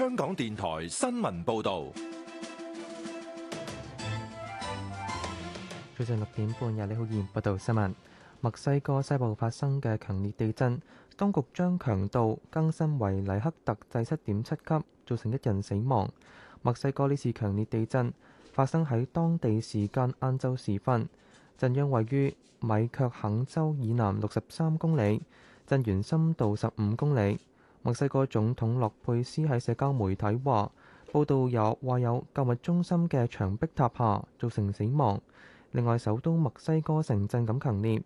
香港電台新聞報道，早上六點半日，由李浩然報道新聞。墨西哥西部發生嘅強烈地震，當局將強度更新為黎克特制七點七級，造成一人死亡。墨西哥呢次強烈地震發生喺當地時間晏晝時分，震央位於米卻肯州以南六十三公里，震源深度十五公里。墨西哥總統洛佩斯喺社交媒體話：報道有話有購物中心嘅牆壁塌下，造成死亡。另外，首都墨西哥城震感強烈。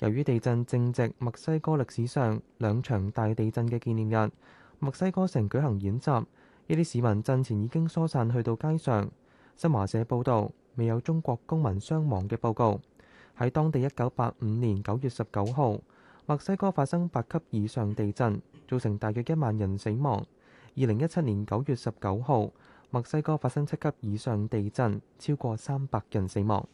由於地震正值墨西哥歷史上兩場大地震嘅紀念日，墨西哥城舉行演習。呢啲市民震前已經疏散去到街上。新華社報導，未有中國公民傷亡嘅報告。喺當地一九八五年九月十九號，墨西哥發生八級以上地震。造成大約一萬人死亡。二零一七年九月十九號，墨西哥發生七級以上地震，超過三百人死亡。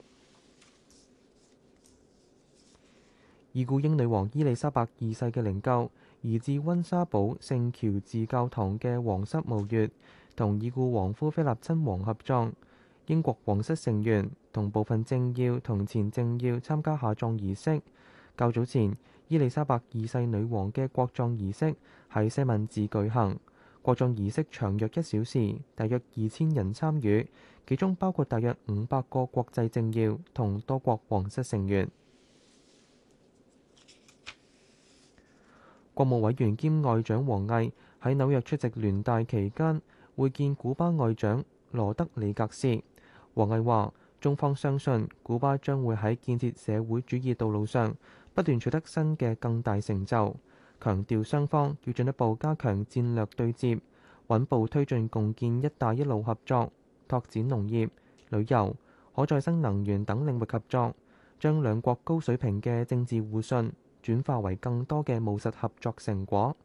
已故 英女王伊麗莎白二世嘅靈柩移至溫莎堡聖喬治教堂嘅皇室墓穴，同已故皇夫菲立親王合葬。英國皇室成員同部分政要同前政要參加下葬儀式。較早前。伊麗莎白二世女王嘅國葬儀式喺西敏寺舉行。國葬儀式長約一小時，大約二千人參與，其中包括大約五百個國際政要同多國皇室成員。國務委員兼外長王毅喺紐約出席聯大期間會見古巴外長羅德里格斯。王毅話：中方相信古巴將會喺建設社會主義道路上。不斷取得新嘅更大成就，強調雙方要進一步加強戰略對接，穩步推進共建“一帶一路”合作，拓展農業、旅遊、可再生能源等領域合作，將兩國高水平嘅政治互信轉化為更多嘅務實合作成果。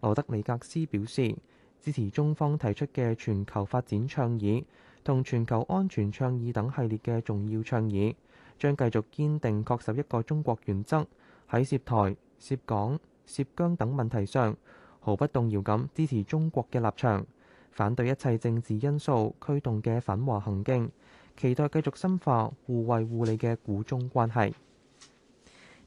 羅德里格斯表示，支持中方提出嘅全球發展倡議同全球安全倡議等系列嘅重要倡議。將繼續堅定確守一個中國原則，喺涉台、涉港、涉疆等問題上毫不動搖咁支持中國嘅立場，反對一切政治因素驅動嘅反華行徑，期待繼續深化互惠互利嘅古中關係。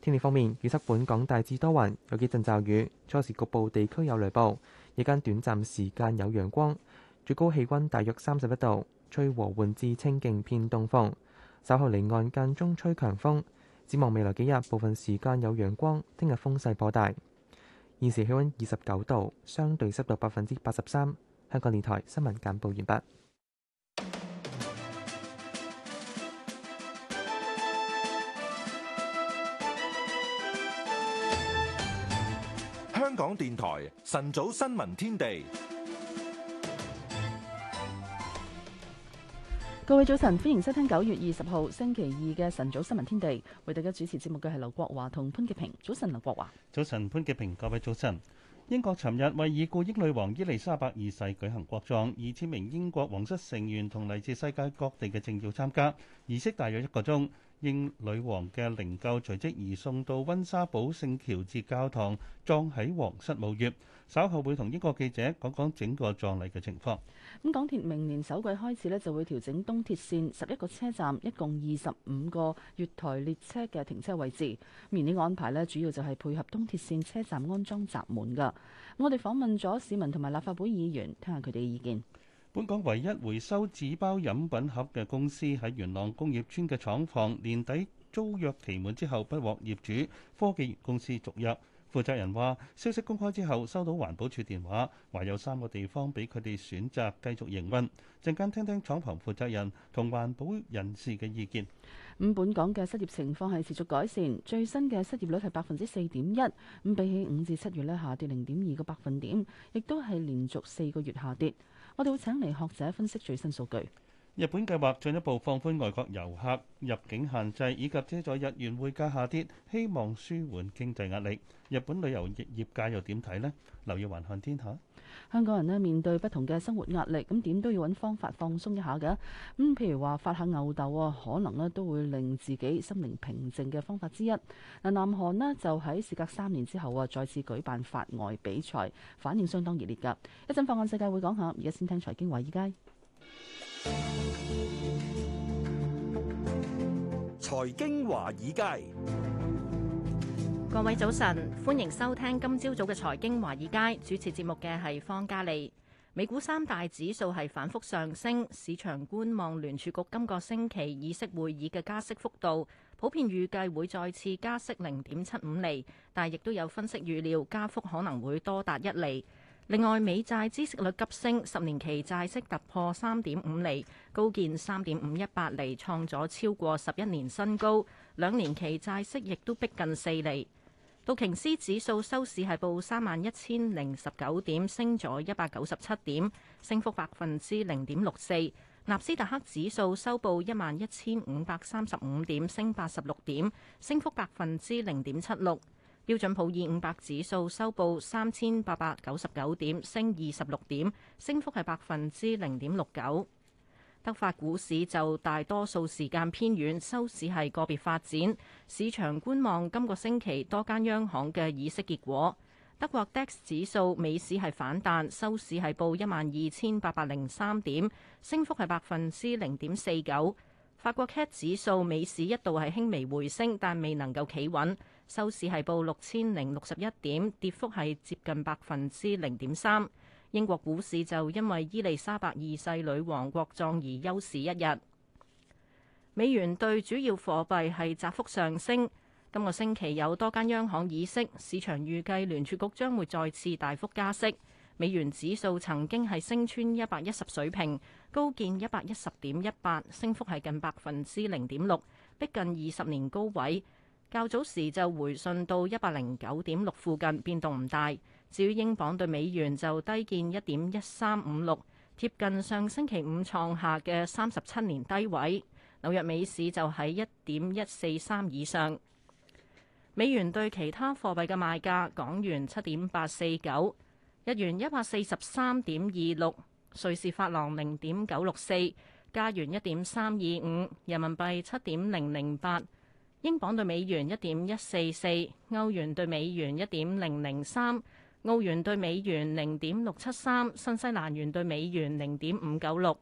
天氣方面，預測本港大致多雲，有幾陣驟雨，初時局部地區有雷暴，日間短暫時間有陽光，最高氣温大約三十一度，吹和緩至清勁偏東風。稍後離岸間中吹強風，展望未來幾日部分時間有陽光。聽日風勢頗大，現時氣温二十九度，相對濕度百分之八十三。香港電台新聞簡報完畢。香港電台晨早新聞天地。各位早晨，歡迎收聽九月二十號星期二嘅晨早新聞天地。為大家主持節目嘅係劉國華同潘潔平。早晨，劉國華。早晨，潘潔平。各位早晨。英國尋日為已故英女王伊麗莎白二世舉行國葬，二千名英國皇室成員同嚟自世界各地嘅政要參加儀式，大約一個鐘。英女王嘅靈柩隨即移送到温莎堡聖喬治教堂，葬喺皇室墓穴。稍後會同英國記者講講整個葬禮嘅情況。咁港鐵明年首季開始咧，就會調整東鐵線十一個車站，一共二十五個月台列車嘅停車位置。而呢個安排咧，主要就係配合東鐵線車站安裝閘門嘅。我哋訪問咗市民同埋立法會議員，聽下佢哋嘅意見。本港唯一回收紙包飲品盒嘅公司喺元朗工業村嘅廠房，年底租約期滿之後不獲業主科技公司續約。負責人話：消息公開之後，收到環保署電話，話有三個地方俾佢哋選擇繼續營運。陣間聽聽廠房負責人同環保人士嘅意見。咁本港嘅失業情況係持續改善，最新嘅失業率係百分之四點一，咁比起五至七月呢下跌零點二個百分點，亦都係連續四個月下跌。我哋會請嚟學者分析最新數據。日本計劃進一步放寬外國遊客入境限制，以及藉助日元匯價下跌，希望舒緩經濟壓力。日本旅遊業業界又點睇呢？留意環看天下。香港人咧面對不同嘅生活壓力，咁點都要揾方法放鬆一下嘅。咁、嗯、譬如話發下牛竇啊，可能咧都會令自己心靈平靜嘅方法之一。嗱，南韓咧就喺事隔三年之後啊，再次舉辦法外比賽，反應相當熱烈噶。一陣放眼世界會講下，而家先聽財經華爾街。財經華爾街，各位早晨，歡迎收聽今朝早嘅財經華爾街。主持節目嘅係方嘉利。美股三大指數係反覆上升，市場觀望聯儲局今個星期議息會議嘅加息幅度，普遍預計會再次加息零點七五厘，但亦都有分析預料加幅可能會多達一厘。另外，美債孳息率急升，十年期債息突破三點五厘，高見三點五一八厘，創咗超過十一年新高。兩年期債息亦都逼近四厘。道瓊斯指數收市係報三萬一千零十九點，升咗一百九十七點，升幅百分之零點六四。納斯達克指數收報一萬一千五百三十五點，升八十六點，升幅百分之零點七六。標準普爾五百指數收報三千八百九十九點，升二十六點，升幅係百分之零點六九。德法股市就大多數時間偏軟，收市係個別發展。市場觀望今個星期多間央，央行嘅議息結果。德國 DAX 指數美市係反彈，收市係報一萬二千八百零三點，升幅係百分之零點四九。法國 CAC 指數美市一度係輕微回升，但未能夠企穩。收市係報六千零六十一點，跌幅係接近百分之零點三。英國股市就因為伊利沙伯二世女王國葬而休市一日。美元對主要貨幣係窄幅上升。今個星期有多間央行議息，市場預計聯儲局將會再次大幅加息。美元指數曾經係升穿一百一十水平，高見一百一十點一八，升幅係近百分之零點六，逼近二十年高位。較早時就回信到一百零九點六附近，變動唔大。至於英鎊對美元就低見一點一三五六，貼近上星期五創下嘅三十七年低位。紐約美市就喺一點一四三以上。美元對其他貨幣嘅賣價：港元七點八四九，日元一百四十三點二六，瑞士法郎零點九六四，加元一點三二五，人民幣七點零零八。英鎊兌美元一點一四四，歐元兌美元一點零零三，澳元兌美元零點六七三，新西蘭元兌美元零點五九六。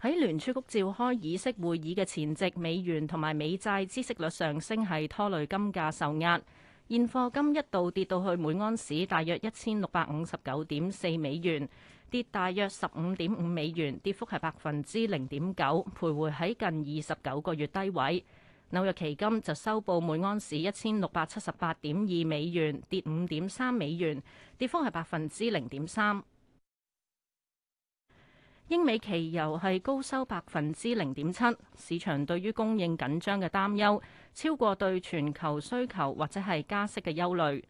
喺聯儲局召開議息會議嘅前夕，美元同埋美債孳息率上升係拖累金價受壓，現貨金一度跌到去每安士大約一千六百五十九點四美元。跌大約十五點五美元，跌幅係百分之零點九，徘徊喺近二十九個月低位。紐約期金就收報每盎司一千六百七十八點二美元，跌五點三美元，跌幅係百分之零點三。英美期油係高收百分之零點七，市場對於供應緊張嘅擔憂超過對全球需求或者係加息嘅憂慮。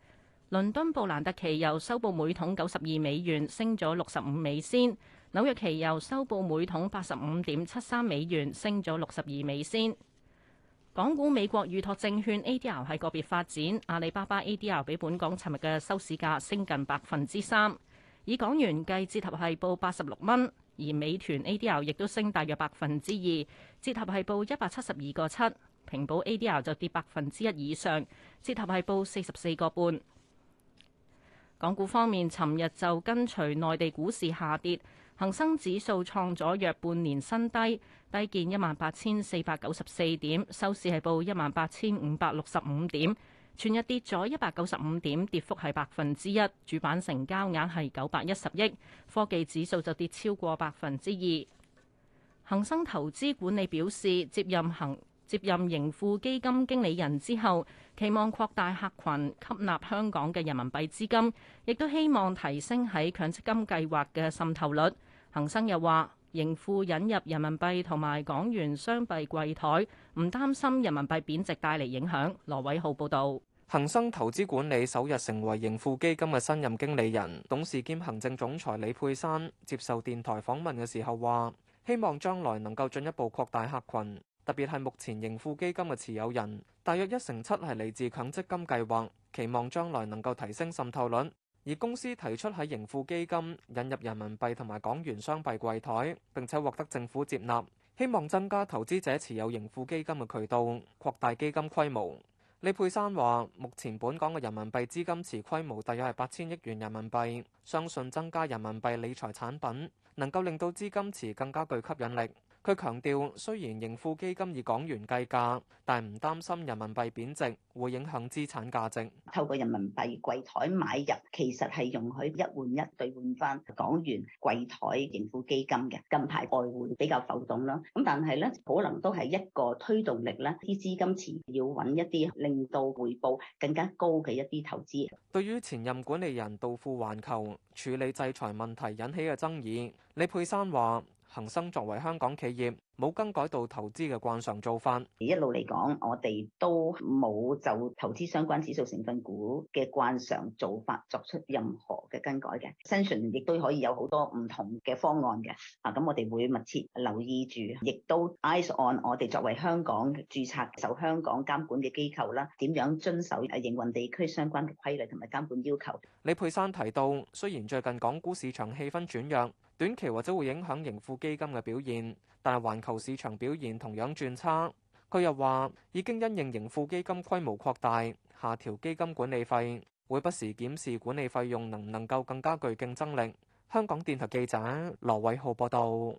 倫敦布蘭特期油收報每桶九十二美元，升咗六十五美仙。紐約期油收報每桶八十五點七三美元，升咗六十二美仙。港股美國預託證券 ADR 係個別發展，阿里巴巴 ADR 比本港尋日嘅收市價升近百分之三，以港元計，折合係報八十六蚊。而美團 ADR 亦都升大約百分之二，折合係報一百七十二個七。平保 ADR 就跌百分之一以上，折合係報四十四個半。港股方面，尋日就跟隨內地股市下跌，恒生指數創咗約半年新低，低見一萬八千四百九十四點，收市係報一萬八千五百六十五點，全日跌咗一百九十五點，跌幅係百分之一。主板成交額係九百一十億，科技指數就跌超過百分之二。恒生投資管理表示，接任恒。接任盈富基金經理人之後，期望擴大客群，吸納香港嘅人民幣資金，亦都希望提升喺強積金計劃嘅滲透率。恒生又話，盈富引入人民幣同埋港元雙幣櫃台，唔擔心人民幣貶值帶嚟影響。羅偉浩報道。恒生投資管理首日成為盈富基金嘅新任經理人，董事兼行政總裁李佩珊接受電台訪問嘅時候話，希望將來能夠進一步擴大客群。特別係目前盈富基金嘅持有人，大約一成七係嚟自強積金計劃，期望將來能夠提升滲透率。而公司提出喺盈富基金引入人民幣同埋港元雙幣櫃台，並且獲得政府接納，希望增加投資者持有盈富基金嘅渠道，擴大基金規模。李佩珊話：目前本港嘅人民幣資金池規模大約係八千億元人民幣，相信增加人民幣理財產品，能夠令到資金池更加具吸引力。佢強調，雖然盈富基金以港元計價，但唔擔心人民幣貶值會影響資產價值。透過人民幣櫃台買入，其實係容許一換一兌換翻港元櫃台盈富基金嘅。近排外匯比較浮動啦，咁但係咧，可能都係一個推動力咧，啲資金自然要揾一啲令到回報更加高嘅一啲投資。對於前任管理人道富環球處理制裁問題引起嘅爭議，李佩珊話。恒生作為香港企業，冇更改到投資嘅慣常做法。一路嚟講，我哋都冇就投資相關指數成分股嘅慣常做法作出任何嘅更改嘅。當然亦都可以有好多唔同嘅方案嘅。啊，咁我哋會密切留意住，亦都 eyes on 我哋作為香港註冊受香港監管嘅機構啦，點樣遵守誒營運地區相關嘅規律同埋監管要求。李佩珊提到，雖然最近港股市場氣氛轉弱。短期或者會影響盈富基金嘅表現，但係環球市場表現同樣轉差。佢又話已經因應盈富基金規模擴大，下調基金管理費會不時檢視管理費用能唔能夠更加具競爭力。香港電台記者羅偉浩報道。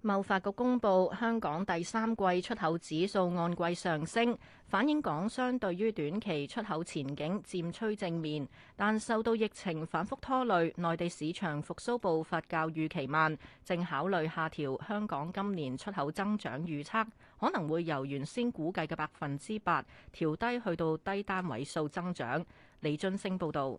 貿發局公布香港第三季出口指數按季上升，反映港商對於短期出口前景漸趨正面，但受到疫情反覆拖累，內地市場復蘇步伐較預期慢，正考慮下調香港今年出口增長預測，可能會由原先估計嘅百分之八調低去到低單位數增長。李津星報道。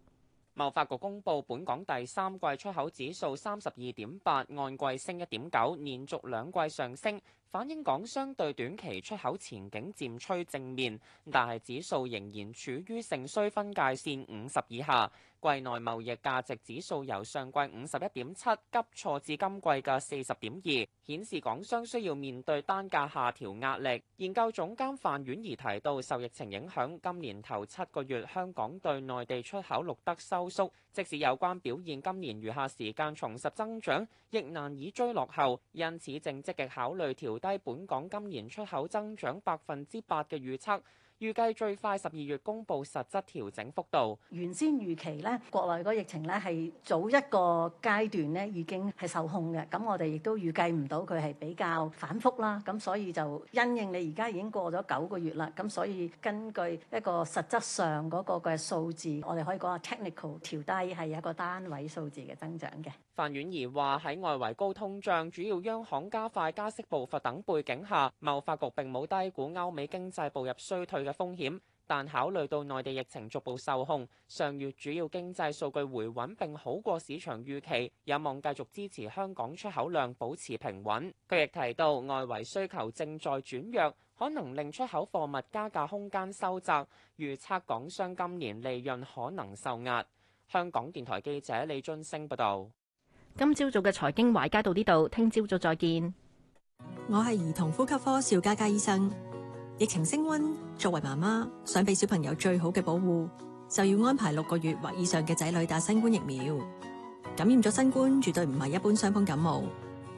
貿發局公布本港第三季出口指數三十二點八，按季升一點九，連續兩季上升，反映港商對短期出口前景漸趨正面，但係指數仍然處於盛衰分界線五十以下。季內貿易價值指數由上季五十一點七急挫至今季嘅四十點二，顯示港商需要面對單價下調壓力。研究總監范婉兒提到，受疫情影響，今年頭七個月香港對內地出口錄得收縮，即使有關表現今年餘下時間重拾增長，亦難以追落後，因此正積極考慮調低本港今年出口增長百分之八嘅預測。預計最快十二月公布實質調整幅度。原先預期咧，國內個疫情咧係早一個階段咧已經係受控嘅，咁我哋亦都預計唔到佢係比較反覆啦。咁所以就因應你而家已經過咗九個月啦，咁所以根據一個實質上嗰個嘅數字，我哋可以講啊 technical 調低係一個單位數字嘅增長嘅。范婉兒話喺外圍高通脹、主要央行加快加息步伐等背景下，貿發局並冇低估歐美經濟步入衰退嘅風險。但考慮到內地疫情逐步受控，上月主要經濟數據回穩並好過市場預期，有望繼續支持香港出口量保持平穩。佢亦提到，外圍需求正在轉弱，可能令出口貨物加價空間收窄，預測港商今年利潤可能受壓。香港電台記者李津升報道。今朝早嘅財經懷佳到呢度，聽朝早再見。我係兒童呼吸科邵嘉嘉醫生。疫情升溫，作為媽媽想俾小朋友最好嘅保護，就要安排六個月或以上嘅仔女打新冠疫苗。感染咗新冠絕對唔係一般傷風感冒，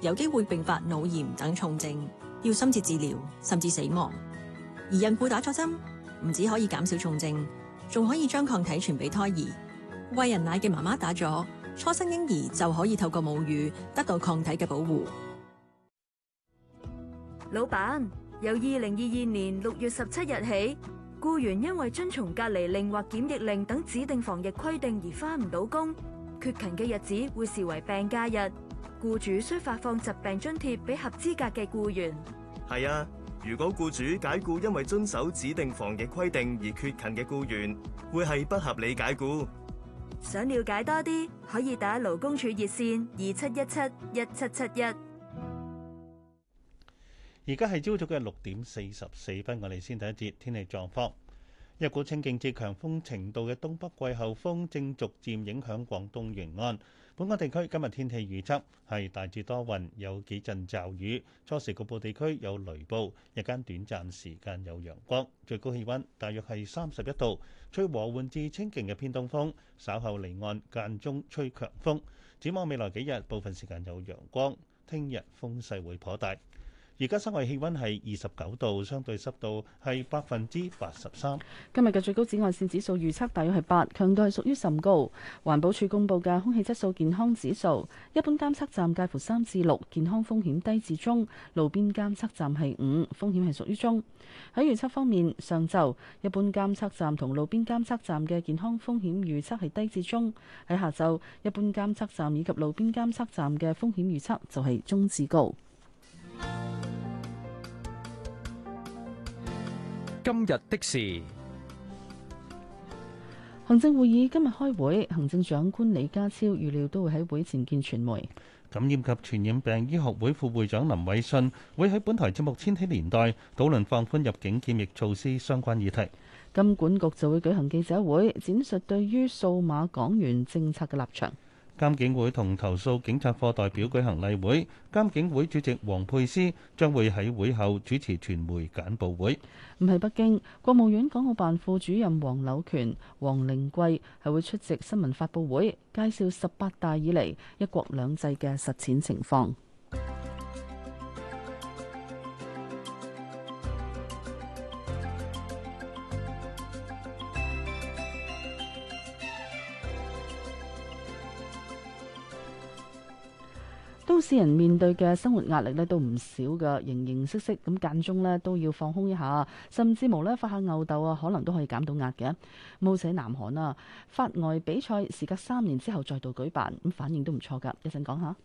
有機會併發腦炎等重症，要深切治療甚至死亡。而孕婦打咗針唔止可以減少重症，仲可以將抗體傳俾胎兒。喂人奶嘅媽媽打咗。初生嬰兒就可以透過母乳得到抗體嘅保護。老闆，由二零二二年六月十七日起，僱員因為遵從隔離令或檢疫令等指定防疫規定而翻唔到工，缺勤嘅日子會視為病假日，僱主需發放疾病津貼俾合資格嘅僱員。係啊，如果僱主解僱因為遵守指定防疫規定而缺勤嘅僱員，會係不合理解僱。想了解多啲，可以打勞工處熱線二七一七一七七一。而家係朝早嘅六點四十四分，我哋先睇一節天氣狀況。一股清勁至強風程度嘅東北季候風正逐漸影響廣東沿岸。本港地區今日天，天氣預測係大致多雲，有幾陣驟雨，初時局部地區有雷暴，日間短暫時間有陽光，最高氣溫大約係三十一度，吹和緩至清勁嘅偏東風，稍後離岸間中吹強風。展望未來幾日，部分時間有陽光，聽日風勢會頗大。而家室外氣溫係二十九度，相對濕度係百分之八十三。今日嘅最高紫外線指數預測大約係八，強度係屬於甚高。環保署公布嘅空氣質素健康指數，一般監測站介乎三至六，健康風險低至中；路邊監測站係五，風險係屬於中。喺預測方面，上晝一般監測站同路邊監測站嘅健康風險預測係低至中；喺下晝一般監測站以及路邊監測站嘅風險預測就係中至高。今日的事，行政會議今日開會，行政長官李家超預料都會喺會前見傳媒。感染及傳染病醫學會副會長林偉信會喺本台節目《千禧年代》討論放寬入境檢疫措施相關議題。金管局就會舉行記者會，展述對於數碼港元政策嘅立場。監警會同投訴警察課代表舉行例會，監警會主席王沛詩將會喺會後主持傳媒簡報會。唔係北京，國務院港澳辦副主任黃柳權、王靈桂係會出席新聞發佈會，介紹十八大以嚟一國兩制嘅實踐情況。都市人面對嘅生活壓力咧都唔少㗎，形形色色，咁間中咧都要放空一下，甚至無咧發下吽哣啊，可能都可以減到壓嘅。無死南韓啊，法外比賽事隔三年之後再度舉辦，咁反應都唔錯噶。一陣講下，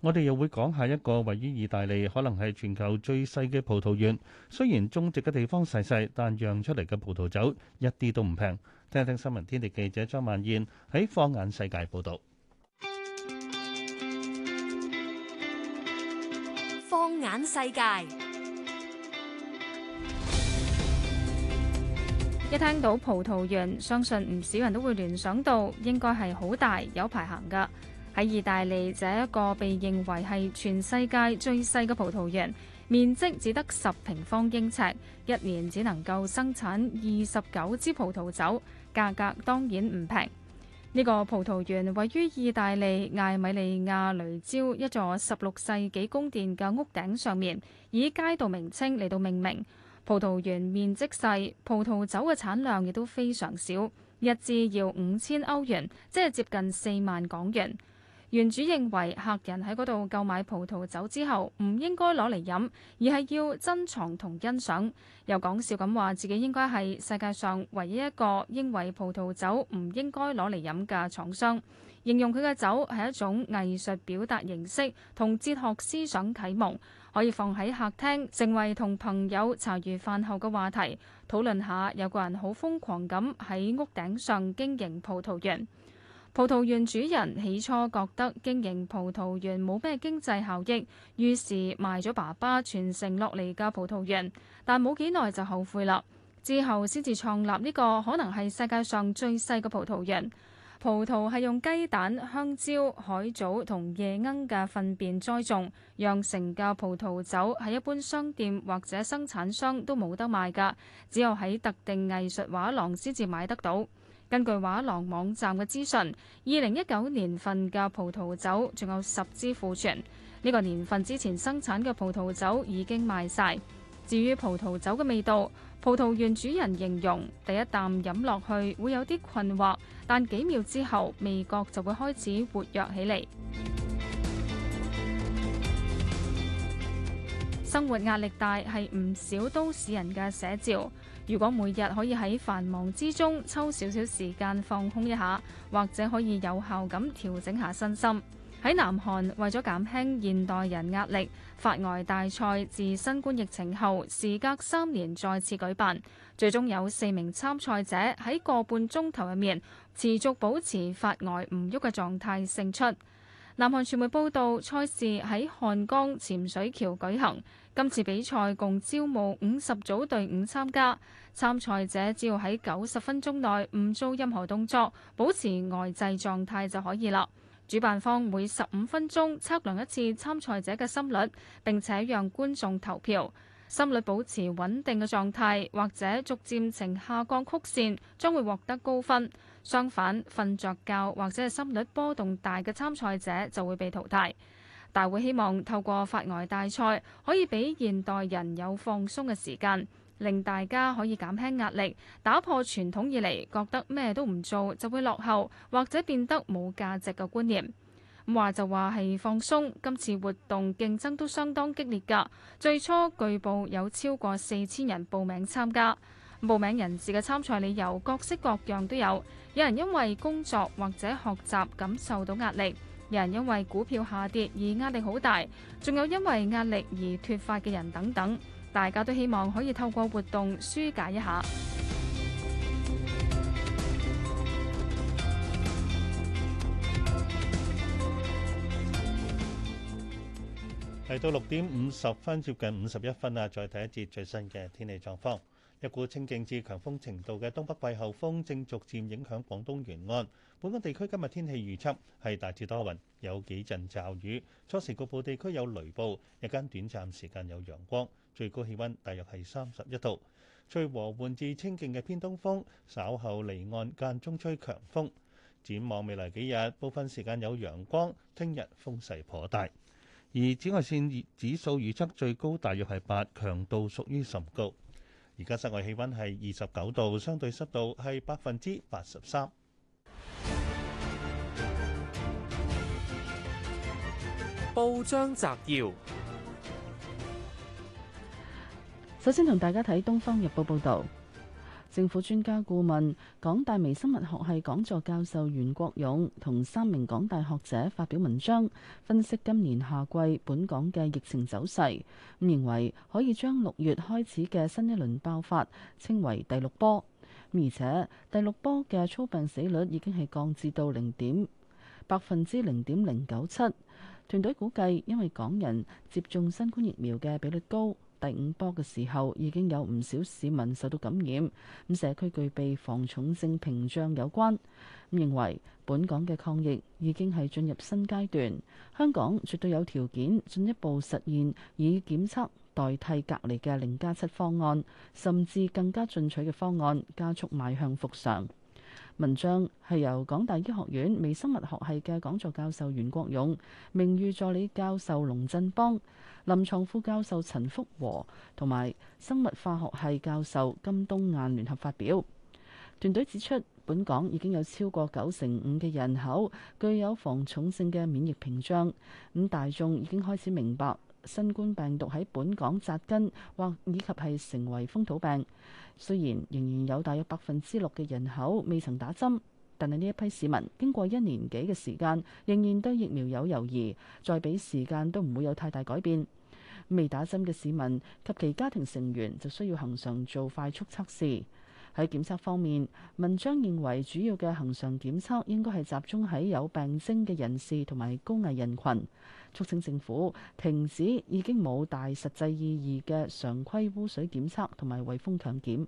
我哋又會講下一個位於意大利，可能係全球最細嘅葡萄園。雖然種植嘅地方細細，但釀出嚟嘅葡萄酒一啲都唔平。聽一聽新聞天地記者張曼燕喺放眼世界報導。眼世界一聽到葡萄園，相信唔少人都會聯想到應該係好大有排行㗎。喺意大利，這一個被認為係全世界最細嘅葡萄園，面積只得十平方英尺，一年只能夠生產二十九支葡萄酒，價格當然唔平。呢個葡萄園位於意大利艾米利亞雷焦一座十六世紀宮殿嘅屋頂上面，以街道名稱嚟到命名。葡萄園面積細，葡萄酒嘅產量亦都非常少，一支要五千歐元，即係接近四萬港元。原主認為客人喺嗰度購買葡萄酒之後，唔應該攞嚟飲，而係要珍藏同欣賞。又講笑咁話，自己應該係世界上唯一一個認為葡萄酒唔應該攞嚟飲嘅廠商。形容佢嘅酒係一種藝術表達形式，同哲學思想啟蒙，可以放喺客廳，成為同朋友茶餘飯後嘅話題，討論下有個人好瘋狂咁喺屋頂上經營葡萄園。葡萄園主人起初覺得經營葡萄園冇咩經濟效益，於是賣咗爸爸傳承落嚟嘅葡萄園，但冇幾耐就後悔啦。之後先至創立呢個可能係世界上最細嘅葡萄園。葡萄係用雞蛋、香蕉、海藻同夜鶯嘅糞便栽種，釀成嘅葡萄酒喺一般商店或者生產商都冇得賣㗎，只有喺特定藝術畫廊先至買得到。根據畫廊網站嘅資訊，二零一九年份嘅葡萄酒仲有十支庫存，呢個年份之前生產嘅葡萄酒已經賣晒。至於葡萄酒嘅味道，葡萄園主人形容第一啖飲落去會有啲困惑，但幾秒之後味覺就會開始活躍起嚟。生活壓力大係唔少都市人嘅寫照。如果每日可以喺繁忙之中抽少少時間放空一下，或者可以有效咁調整下身心。喺南韓為咗減輕現代人壓力，發呆大賽自新冠疫情後時隔三年再次舉辦，最終有四名參賽者喺個半鐘頭入面持續保持發呆唔喐嘅狀態勝出。南韓傳媒報道，賽事喺漢江潛水橋舉行。今次比賽共招募五十組隊伍參加，參賽者只要喺九十分鐘內唔做任何動作，保持呆滯狀態就可以啦。主辦方每十五分鐘測量一次參賽者嘅心率，並且讓觀眾投票。心率保持穩定嘅狀態，或者逐漸呈下降曲線，將會獲得高分。相反，瞓着覺或者係心率波動大嘅參賽者就會被淘汰。大會希望透過發呆大賽，可以俾現代人有放鬆嘅時間，令大家可以減輕壓力，打破傳統以嚟覺得咩都唔做就會落後或者變得冇價值嘅觀念。咁話就話係放鬆。今次活動競爭都相當激烈㗎，最初據報有超過四千人報名參加。報名人士嘅參賽理由各式各樣都有，有人因為工作或者學習感受到壓力。人因為股票下跌而壓力好大，仲有因為壓力而脫髮嘅人等等，大家都希望可以透過活動紓解一下。嚟到六點五十分，接近五十一分喇，再睇一節最新嘅天氣狀況。一股清勁至強風程度嘅東北季候風正逐漸影響廣東沿岸。本港地區今日天氣預測係大致多雲，有幾陣驟雨，初時局部地區有雷暴，日間短暫時間有陽光，最高氣温大約係三十一度。吹和緩至清勁嘅偏東風稍後離岸間中吹強風。展望未來幾日，部分時間有陽光，聽日風勢頗大，而紫外線指數預測最高大約係八，強度屬於甚高。而家室外氣温係二十九度，相對濕度係百分之八十三。報章摘要，首先同大家睇《東方日報》報導。政府專家顧問、港大微生物學系講座教授袁國勇同三名港大學者發表文章，分析今年夏季本港嘅疫情走勢，咁認為可以將六月開始嘅新一輪爆發稱為第六波，而且第六波嘅粗病死率已經係降至到零點百分之零點零九七。團隊估計，因為港人接種新冠疫苗嘅比率高。第五波嘅時候已經有唔少市民受到感染，咁社區具，具備防重症屏障有關，咁認為本港嘅抗疫已經係進入新階段，香港絕對有條件進一步實現以檢測代替隔離嘅零加七方案，甚至更加進取嘅方案，加速邁向復常。文章係由港大醫學院微生物學系嘅講座教授袁國勇、名譽助理教授龍振邦、臨牀副教授陳福和同埋生物化學系教授金東雁聯合發表。團隊指出，本港已經有超過九成五嘅人口具有防重性嘅免疫屏障，咁大眾已經開始明白。新冠病毒喺本港扎根，或以及係成為風土病。雖然仍然有大約百分之六嘅人口未曾打針，但係呢一批市民經過一年幾嘅時間仍然對疫苗有猶疑，再俾時間都唔會有太大改變，未打針嘅市民及其家庭成員就需要恒常做快速測試。喺檢測方面，文章認為主要嘅恒常檢測應該係集中喺有病徵嘅人士同埋高危人群。促請政府停止已經冇大實際意義嘅常規污水檢測同埋圍封強檢。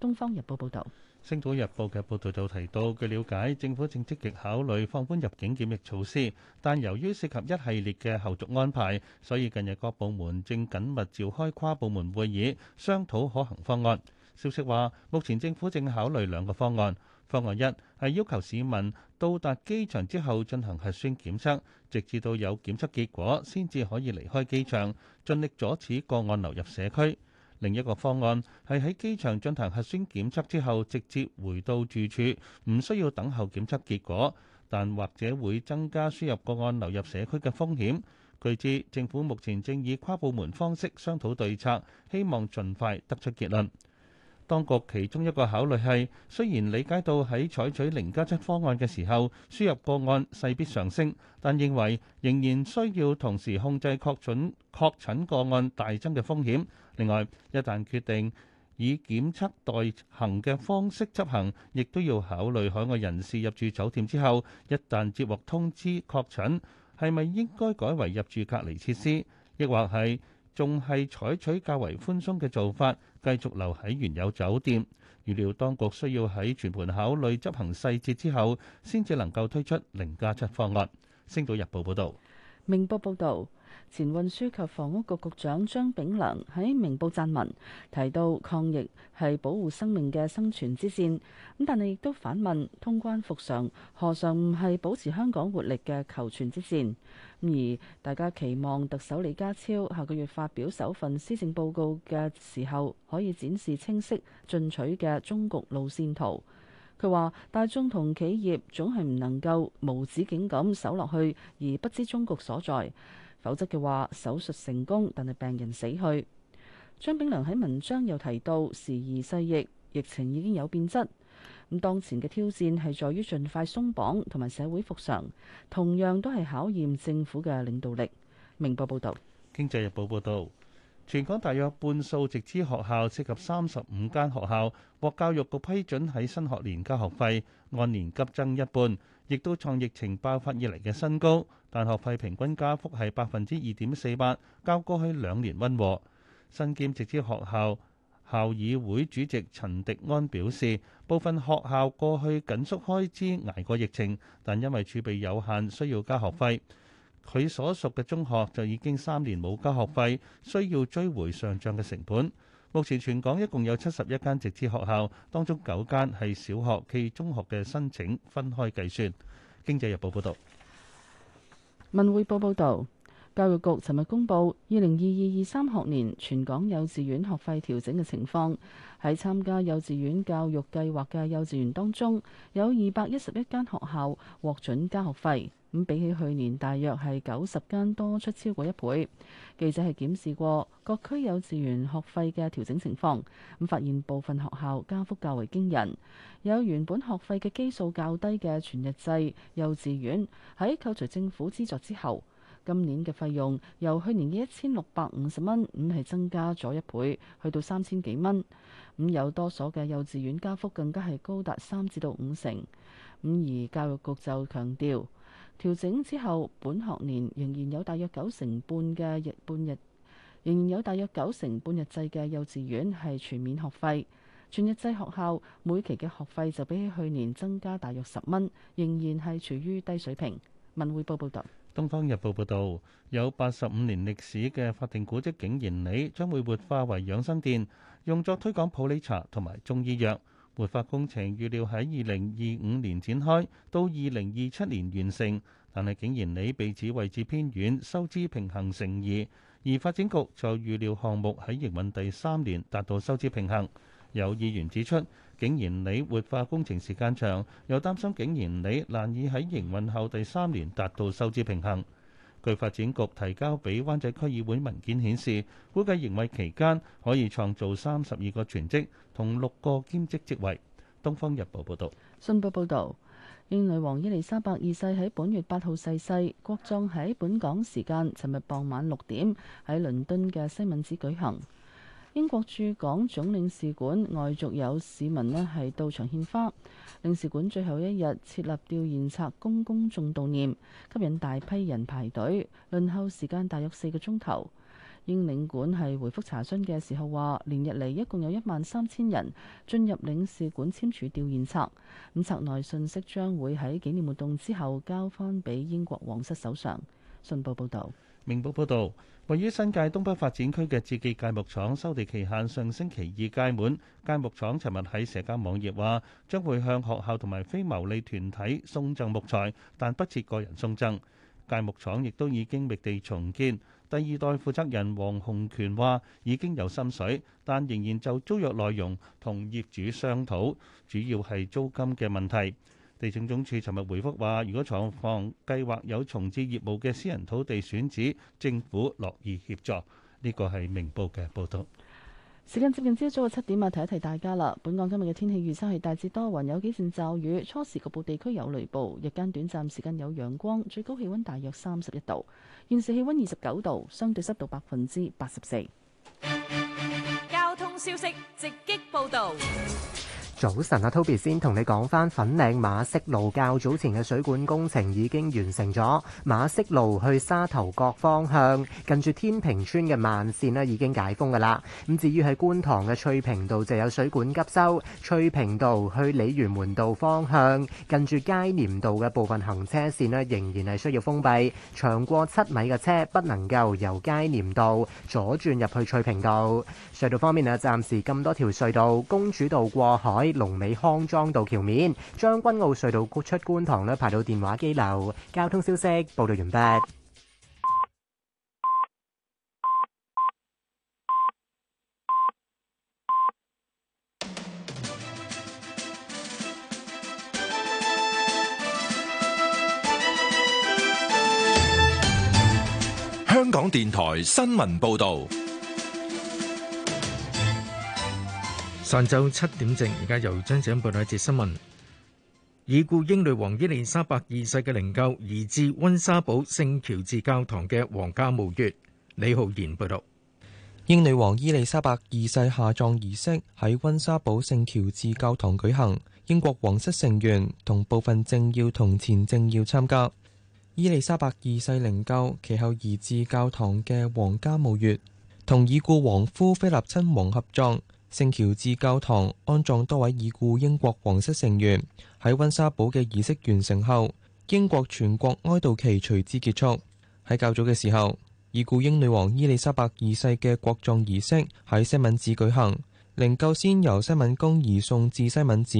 東方日報報道，《星島日報》嘅報道就提到，據了解，政府正積極考慮放寬入境檢疫措施，但由於涉及一系列嘅後續安排，所以近日各部門正緊密召開跨部門會議商討可行方案。消息話，目前政府正考慮兩個方案。方案一係要求市民到達機場之後進行核酸檢測，直至到有檢測結果先至可以離開機場，盡力阻止個案流入社區。另一個方案係喺機場進行核酸檢測之後直接回到住處，唔需要等候檢測結果，但或者會增加輸入個案流入社區嘅風險。據知政府目前正以跨部門方式商討對策，希望盡快得出結論。當局其中一個考慮係，雖然理解到喺採取零加七方案嘅時候，輸入個案勢必上升，但認為仍然需要同時控制確診確診個案大增嘅風險。另外，一旦決定以檢測代行嘅方式執行，亦都要考慮海外人士入住酒店之後，一旦接獲通知確診，係咪應該改為入住隔離設施，抑或係仲係採取較為寬鬆嘅做法？繼續留喺原有酒店，預料當局需要喺全盤考慮執行細節之後，先至能夠推出零加七方案。星島日報報道。明報報道。前運輸及房屋局局長張炳良喺《明報》撰文提到，抗疫係保護生命嘅生存之戰。咁，但係亦都反問：通關復常何嘗唔係保持香港活力嘅求存之戰？而大家期望特首李家超下個月發表首份施政報告嘅時候，可以展示清晰進取嘅終局路線圖。佢話：大眾同企業總係唔能夠無止境咁守落去，而不知終局所在。否則嘅話，手術成功，但係病人死去。張炳良喺文章又提到時移世易，疫情已經有變質。咁當前嘅挑戰係在於盡快鬆綁同埋社會復常，同樣都係考驗政府嘅領導力。明報報導，《經濟日報》報導，全港大約半數直資學校涉及三十五間學校獲教育局批准喺新學年加學費，按年急增一半。亦都創疫情爆發以嚟嘅新高，但學費平均加幅係百分之二點四八，較過去兩年溫和。新劍直資學校校議會主席陳迪安表示，部分學校過去緊縮開支捱過疫情，但因為儲備有限，需要加學費。佢所屬嘅中學就已經三年冇加學費，需要追回上漲嘅成本。目前全港一共有七十一間直資學校，當中九間係小學，暨中學嘅申請分開計算。經濟日報報道，文匯報報道，教育局尋日公布二零二二二三學年全港幼稚園學費調整嘅情況。喺參加幼稚園教育計劃嘅幼稚園當中，有二百一十一間學校獲准加學費。咁比起去年，大約係九十間多出超過一倍。記者係檢視過各區幼稚園學費嘅調整情況，咁發現部分學校加幅較為驚人，有原本學費嘅基數較低嘅全日制幼稚園喺扣除政府資助之後，今年嘅費用由去年嘅一千六百五十蚊，咁係增加咗一倍，去到三千幾蚊。咁有多所嘅幼稚園加幅更加係高達三至到五成。咁而教育局就強調。調整之後，本學年仍然有大約九成半嘅日半日，仍然有大約九成半日制嘅幼稚園係全免學費。全日制學校每期嘅學費就比起去年增加大約十蚊，仍然係處於低水平。文匯報報道：「東方日報報道，有八十五年歷史嘅法定古蹟景賢里將會活化為養生店，用作推廣普洱茶同埋中醫藥。活化工程預料喺二零二五年展開，到二零二七年完成，但係景賢里被指位置偏遠，收支平衡成疑。而發展局就預料項目喺營運第三年達到收支平衡。有議員指出，景賢里活化工程時間長，又擔心景賢里難以喺營運後第三年達到收支平衡。據發展局提交俾灣仔區議會文件顯示，估計營運期間可以創造三十二個全職同六個兼職職位。《東方日報》報道，信報報道：英女王伊麗莎白二世喺本月八號逝世，國葬喺本港時間尋日傍晚六點喺倫敦嘅西敏寺舉行。英國駐港總領事館外續有市民呢係到場獻花，領事館最後一日設立吊唁冊，供公眾悼念，吸引大批人排隊。輪候時間大約四個鐘頭。英領館係回覆查詢嘅時候話，連日嚟一共有一萬三千人進入領事館簽署吊唁冊，咁冊內信息將會喺紀念活動之後交翻俾英國皇室手上。信報報導，明報報導，位於新界東北發展區嘅志記鎅木廠收地期限上星期二屆滿，鎅木廠尋日喺社交網頁話，將會向學校同埋非牟利團體送贈木材，但不設個人送贈。鎅木廠亦都已經覓地重建。第二代負責人黃洪權話已經有心水，但仍然就租約內容同業主商討，主要係租金嘅問題。地政總署尋日回復話，如果廠房計劃有重置業務嘅私人土地選址，政府樂意協助。呢個係明報嘅報道。時間接近朝早嘅七點啊，提一提大家啦。本港今日嘅天氣預測係大致多雲，有幾陣驟雨，初時局部地區有雷暴，日間短暫時間有陽光，最高氣溫大約三十一度。現時氣溫二十九度，相對濕度百分之八十四。交通消息直擊報道。早晨啊，Toby 先同你講翻粉嶺馬適路較早前嘅水管工程已經完成咗，馬適路去沙頭角方向近住天平村嘅慢綫咧已經解封噶啦。咁至於喺觀塘嘅翠屏道就有水管急修，翠屏道去鯉魚門道方向近住街廉道嘅部分行車綫咧仍然係需要封閉，長過七米嘅車不能夠由街廉道左轉入去翠屏道。隧道方面啊，暫時咁多條隧道，公主道過海。龍尾康莊道橋面，將軍澳隧道豁出觀塘咧，排到電話機樓。交通消息報道完畢。香港電台新聞報道。但就七點正，而家由張子恩報道一節新聞。已故英女王伊麗莎白二世嘅靈柩移至溫莎堡聖喬治教堂嘅皇家墓穴。李浩然報道，英女王伊麗莎白二世下葬儀式喺溫莎堡聖喬治教堂舉行，英國皇室成員同部分政要同前政要參加。伊麗莎白二世靈柩其後移至教堂嘅皇家墓穴，同已故王夫菲立親王合葬。聖喬治教堂安葬多位已故英國皇室成員。喺温莎堡嘅儀式完成後，英國全國哀悼期隨之結束。喺較早嘅時候，已故英女王伊麗莎白二世嘅國葬儀式喺西敏寺舉行，靈柩先由西敏宮移送至西敏寺。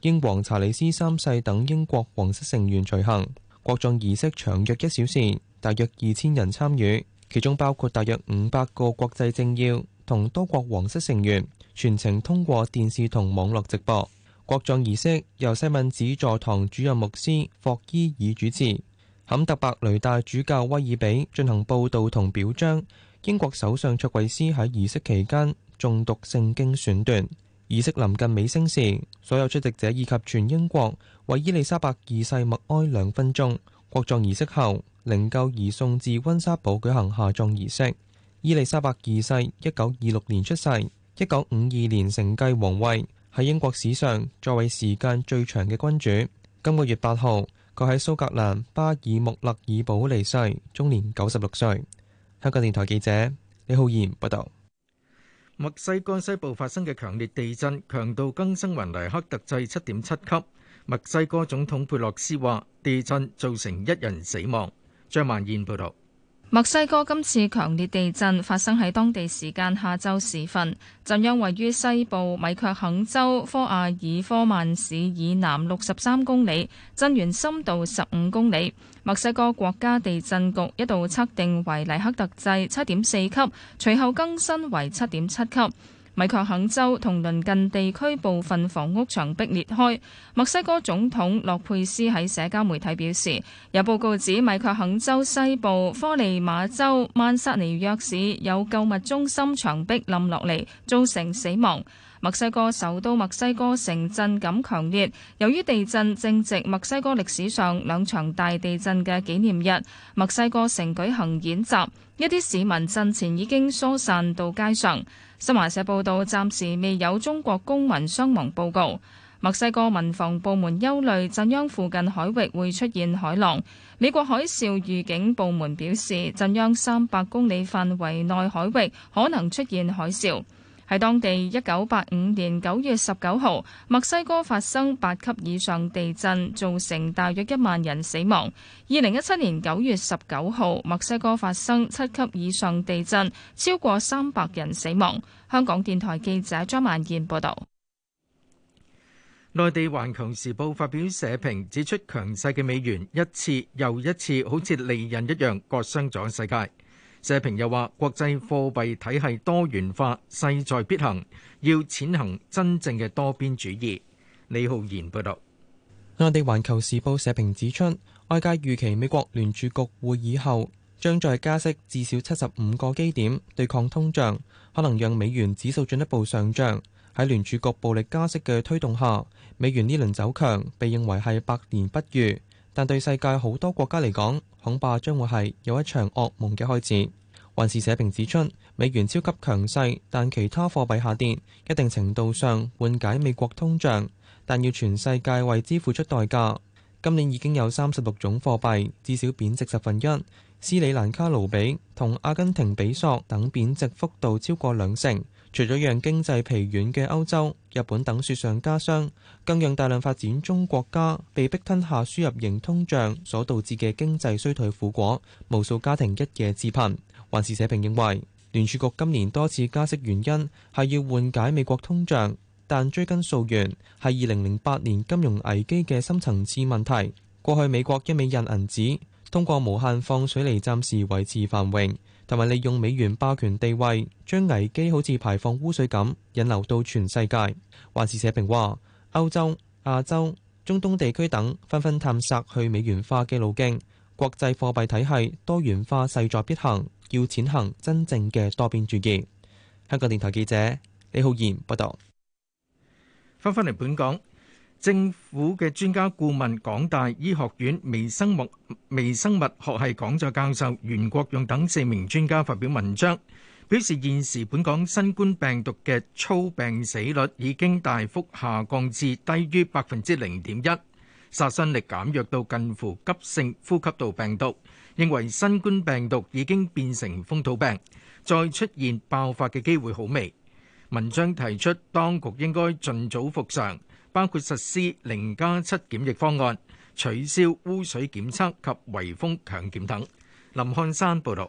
英皇查理斯三世等英國皇室成員隨行。國葬儀式長約一小時，大約二千人參與，其中包括大約五百個國際政要。同多國皇室成員全程通過電視同網絡直播國葬儀式，由西敏寺座堂主任牧師霍伊爾主持。坎特伯雷大主教威爾比進行報道同表彰。英國首相卓慧思喺儀式期間，誦讀聖經選段。儀式臨近尾聲時，所有出席者以及全英國為伊莉莎白二世默哀兩分鐘。國葬儀式後，靈柩移送至温莎堡舉行下葬儀式。伊麗莎白二世，一九二六年出世，一九五二年承繼皇位，喺英國史上在位時間最長嘅君主。今個月八號，佢喺蘇格蘭巴爾穆勒爾堡離世，終年九十六歲。香港電台記者李浩然報道。墨西哥西部發生嘅強烈地震，強度更新為黎克特制七點七級。墨西哥總統佩洛斯話，地震造成一人死亡。張曼燕報道。墨西哥今次強烈地震發生喺當地時間下晝時分，震央位於西部米卻肯州科阿爾科曼市以南六十三公里，震源深度十五公里。墨西哥國家地震局一度測定為黎克特制七點四級，隨後更新為七點七級。米確肯州同鄰近地區部分房屋牆壁裂開。墨西哥總統洛佩斯喺社交媒體表示，有報告指米確肯州西部科利馬州曼薩尼約市有購物中心牆壁冧落嚟，造成死亡。墨西哥首都墨西哥城震感強烈，由於地震正值墨西哥歷史上兩場大地震嘅紀念日，墨西哥城舉行演習，一啲市民震前已經疏散到街上。新華社報道，暫時未有中國公民傷亡報告。墨西哥民防部門憂慮震央附近海域會出現海浪，美國海嘯預警部門表示，震央三百公里範圍內海域可能出現海嘯。喺當地一九八五年九月十九號，墨西哥發生八級以上地震，造成大約一萬人死亡。二零一七年九月十九號，墨西哥發生七級以上地震，超過三百人死亡。香港電台記者張萬健報導。內地《環球時報》發表社評，指出強勢嘅美元一次又一次，好似利刃一樣割傷咗世界。社評又話：國際貨幣體系多元化勢在必行，要踐行真正嘅多邊主義。李浩然報道，《內地環球時報》社評指出，外界預期美國聯儲局會議後將再加息至少七十五個基點，對抗通脹，可能讓美元指數進一步上漲。喺聯儲局暴力加息嘅推動下，美元呢輪走強被認為係百年不遇，但對世界好多國家嚟講，恐怕將會係有一場噩夢嘅開始。還是社評指出，美元超級強勢，但其他貨幣下跌，一定程度上緩解美國通脹，但要全世界為之付出代價。今年已經有三十六種貨幣至少貶值十分一，斯里蘭卡盧比同阿根廷比索等貶值幅度超過兩成。除咗讓經濟疲軟嘅歐洲、日本等雪上加霜，更讓大量發展中國家被迫吞下輸入型通脹所導致嘅經濟衰退苦果，無數家庭一夜致貧。還是社評認為，聯儲局今年多次加息原因係要緩解美國通脹，但追根溯源係二零零八年金融危機嘅深層次問題。過去美國一美元銀紙通過無限放水嚟，暫時維持繁榮，同埋利用美元霸權地位，將危機好似排放污水咁引流到全世界。還是社評話，歐洲、亞洲、中東地區等紛紛探索去美元化嘅路徑，國際貨幣體系多元化勢在必行。要踐行真正嘅多邊主義。香港電台記者李浩然報道。翻返嚟本港，政府嘅專家顧問、港大醫學院微生物微生物學系講座教授袁國勇等四名專家發表文章，表示現時本港新冠病毒嘅粗病死率已經大幅下降至低於百分之零點一，殺傷力減弱到近乎急性呼吸道病毒。認為新冠病毒已經變成風土病，再出現爆發嘅機會好微。文章提出，當局應該盡早復常，包括實施零加七檢疫方案、取消污水檢測及圍封強檢等。林漢山報道。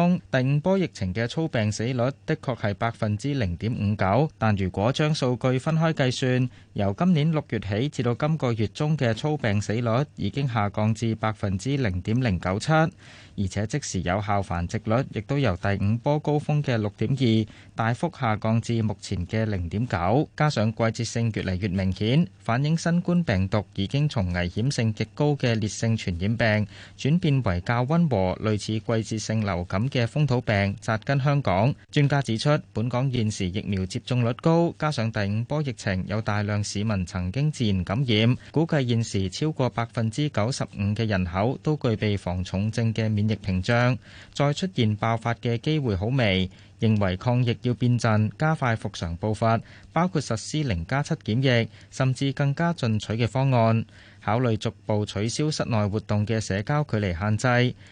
第五波疫情嘅粗病死率的確係百分之零點五九，但如果將數據分開計算，由今年六月起至到今個月中嘅粗病死率已經下降至百分之零點零九七，而且即時有效繁殖率亦都由第五波高峰嘅六點二大幅下降至目前嘅零點九。加上季節性越嚟越明顯，反映新冠病毒已經從危險性極高嘅烈性傳染病轉變為較溫和、類似季節性流感嘅風土病扎根香港。專家指出，本港現時疫苗接種率高，加上第五波疫情有大量市民曾經自然感染，估計現時超過百分之九十五嘅人口都具備防重症嘅免疫屏障，再出現爆發嘅機會好微，認為抗疫要變陣，加快復常步伐，包括實施零加七檢疫，甚至更加進取嘅方案。考慮逐步取消室內活動嘅社交距離限制，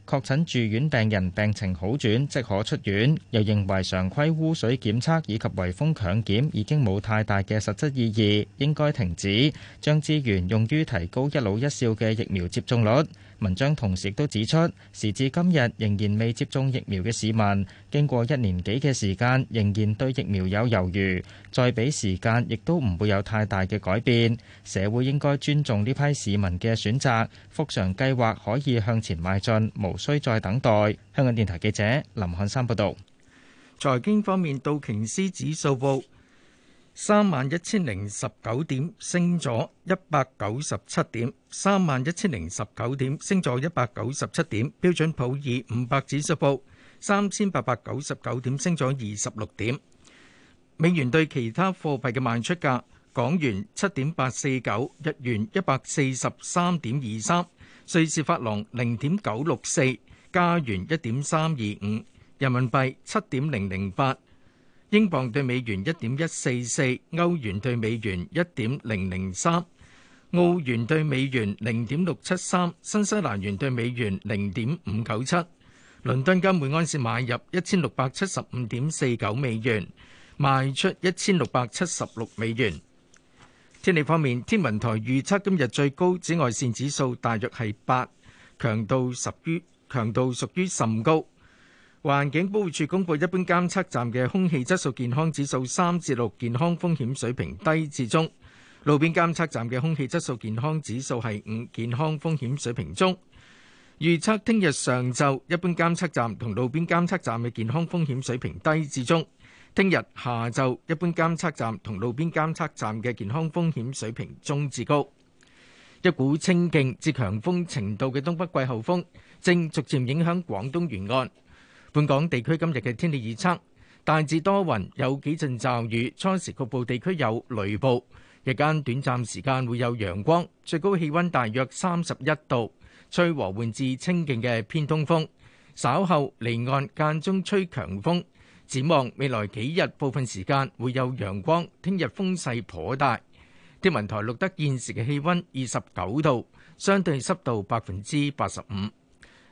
確診住院病人病情好轉即可出院。又認為常規污水檢測以及圍封強檢已經冇太大嘅實質意義，應該停止，將資源用於提高一老一少嘅疫苗接種率。文章同時亦都指出，時至今日仍然未接種疫苗嘅市民，經過一年幾嘅時間，仍然對疫苗有猶豫，再俾時間亦都唔會有太大嘅改變。社會應該尊重呢批市民嘅選擇，復常計劃可以向前邁進，無需再等待。香港電台記者林漢山報道。財經方面，道瓊斯指數報三萬一千零十九點升咗一百九十七點，三萬一千零十九點升咗一百九十七點。標準普爾五百指數報三千八百九十九點，升咗二十六點。美元對其他貨幣嘅賣出價：港元七點八四九，日元一百四十三點二三，瑞士法郎零點九六四，加元一點三二五，人民幣七點零零八。英鎊兌美元一點一四四，歐元兌美元一點零零三，澳元兌美元零點六七三，新西蘭元兌美元零點五九七。倫敦金每安士買入一千六百七十五點四九美元，賣出一千六百七十六美元。天氣方面，天文台預測今日最高紫外線指數大約係八，強度屬於甚高。環境保護署公布一般監測站嘅空氣質素健康指數三至六，6，健康風險水平低至中；路邊監測站嘅空氣質素健康指數係五，健康風險水平中。預測聽日上晝一般監測站同路邊監測站嘅健康風險水平低至中；聽日下晝一般監測站同路邊監測站嘅健康風險水平中至高。一股清勁至強風程度嘅東北季候風正逐漸影響廣東沿岸，岸。本港地區今日嘅天氣預測，大致多雲，有幾陣驟雨，初時局部地區有雷暴，日間短暫時間會有陽光，最高氣溫大約三十一度，吹和緩至清勁嘅偏東風。稍後離岸間中吹強風。展望未來幾日，部分時間會有陽光。聽日風勢頗大。天文台錄得現時嘅氣溫二十九度，相對濕度百分之八十五。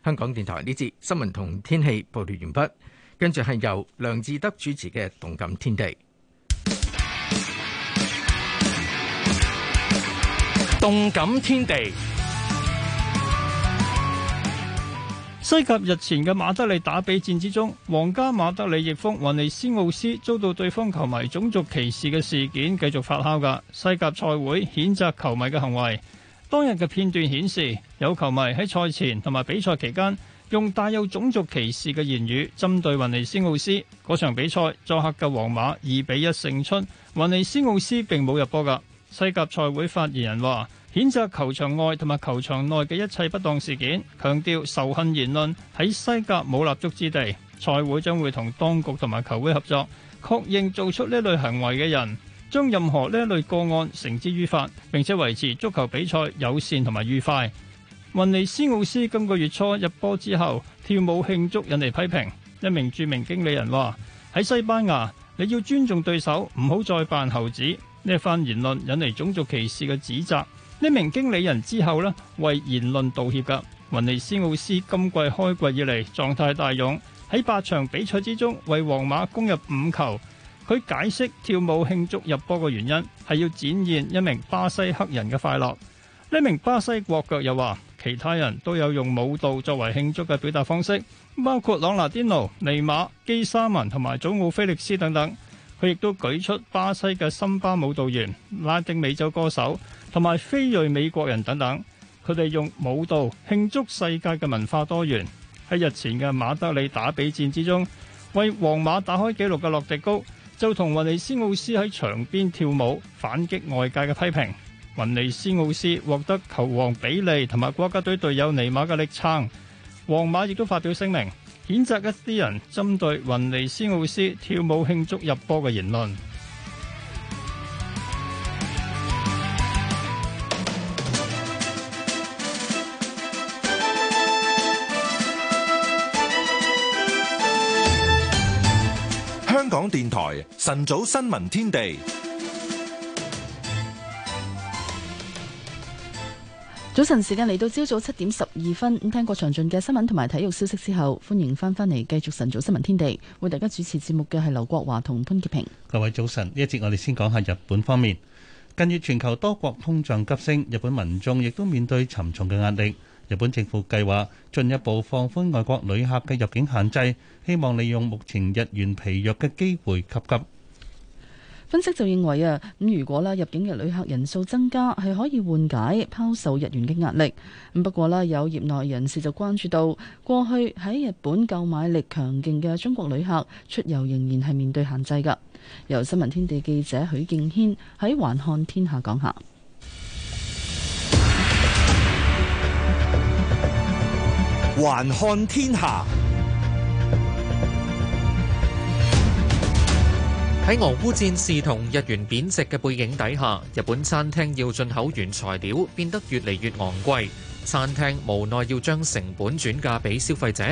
香港電台呢節新聞同天氣報道完畢，跟住係由梁智德主持嘅《動感天地》。動感天地。西甲日前嘅馬德里打比戰之中，皇家馬德里翼鋒雲尼斯奧斯遭到對方球迷種族歧視嘅事件繼續發酵，㗎西甲賽會譴責球迷嘅行為。當日嘅片段顯示，有球迷喺賽前同埋比賽期間用帶有種族歧視嘅言語針對雲尼斯奧斯。嗰場比賽作客嘅皇馬二比一勝出，雲尼斯奧斯並冇入波。㗎西甲賽會發言人話，譴責球場外同埋球場內嘅一切不當事件，強調仇恨言論喺西甲冇立足之地。賽會將會同當局同埋球會合作，確認做出呢類行為嘅人。將任何呢一類個案繩之於法，並且維持足球比賽友善同埋愉快。雲尼斯奧斯今個月初入波之後跳舞慶祝，引嚟批評。一名著名經理人話：喺西班牙你要尊重對手，唔好再扮猴子。呢一番言論引嚟種族歧視嘅指責。呢名經理人之後呢，為言論道歉。噶雲尼斯奧斯今季開季以嚟狀態大勇，喺八場比賽之中為皇馬攻入五球。佢解釋跳舞慶祝入波嘅原因係要展現一名巴西黑人嘅快樂。呢名巴西國腳又話，其他人都有用舞蹈作為慶祝嘅表達方式，包括朗拿甸奴、尼馬、基沙文同埋祖奧菲力斯等等。佢亦都舉出巴西嘅森巴舞蹈員、拉丁美洲歌手同埋非裔美國人等等，佢哋用舞蹈慶祝世界嘅文化多元。喺日前嘅馬德里打比戰之中，為皇馬打開紀錄嘅洛迪高，就同雲尼斯奧斯喺場邊跳舞，反擊外界嘅批評。雲尼斯奧斯獲得球王比利同埋國家隊隊友尼馬嘅力撐，皇馬亦都發表聲明，譴責一啲人針對雲尼斯奧斯跳舞慶祝入波嘅言論。香港電台晨早新聞天地，早晨時間，嚟到朝早七點十二分。咁聽過詳盡嘅新聞同埋體育消息之後，歡迎翻返嚟繼續晨早新聞天地。為大家主持節目嘅係劉國華同潘潔平。各位早晨，呢一節我哋先講下日本方面。近月全球多國通脹急升，日本民眾亦都面對沉重嘅壓力。日本政府計劃進一步放寬外國旅客嘅入境限制，希望利用目前日元疲弱嘅機會及急。分析就認為啊，咁如果啦入境嘅旅客人數增加，係可以緩解拋售日元嘅壓力。咁不過啦，有業內人士就關注到，過去喺日本購買力強勁嘅中國旅客出遊仍然係面對限制㗎。由新聞天地記者許敬軒喺環看天下講下。還看天下，喺俄烏戰事同日元貶值嘅背景底下，日本餐廳要進口原材料變得越嚟越昂貴，餐廳無奈要將成本轉嫁俾消費者。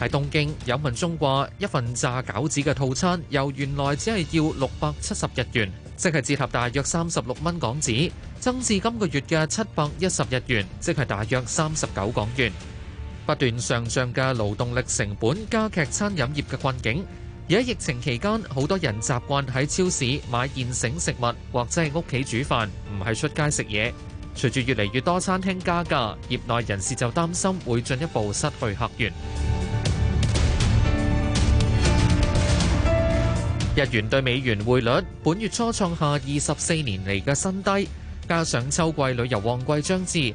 喺東京，有民眾話一份炸餃子嘅套餐由原來只係要六百七十日元，即係折合大約三十六蚊港紙，增至今個月嘅七百一十日元，即係大約三十九港元。不斷上漲嘅勞動力成本加劇餐飲業嘅困境。而喺疫情期間，好多人習慣喺超市買現成食物，或者係屋企煮飯，唔係出街食嘢。隨住越嚟越多餐廳加價，業內人士就擔心會進一步失去客源。日 元對美元匯率本月初創下二十四年嚟嘅新低，加上秋季旅遊旺季將至。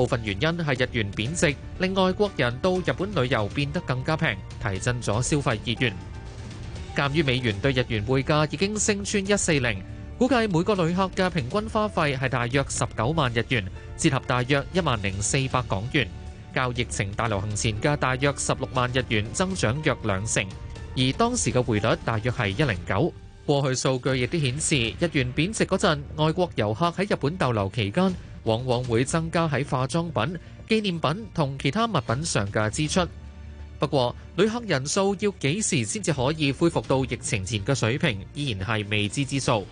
部分原因係日元貶值，令外國人到日本旅遊變得更加平，提振咗消費意願。鑑於美元對日元匯價已經升穿一四零，估計每個旅客嘅平均花費係大約十九萬日元，折合大約一萬零四百港元，較疫情大流行前嘅大約十六萬日元增長約兩成。而當時嘅匯率大約係一零九。過去數據亦都顯示，日元貶值嗰陣，外國遊客喺日本逗留期間，往往會增加喺化妝品、紀念品同其他物品上嘅支出。不過，旅客人數要幾時先至可以恢復到疫情前嘅水平，依然係未知之數。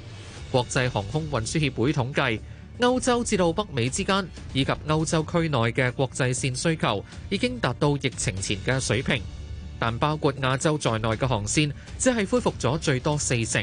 國際航空運輸協會統計，歐洲至到北美之間以及歐洲區內嘅國際線需求已經達到疫情前嘅水平，但包括亞洲在內嘅航線只係恢復咗最多四成。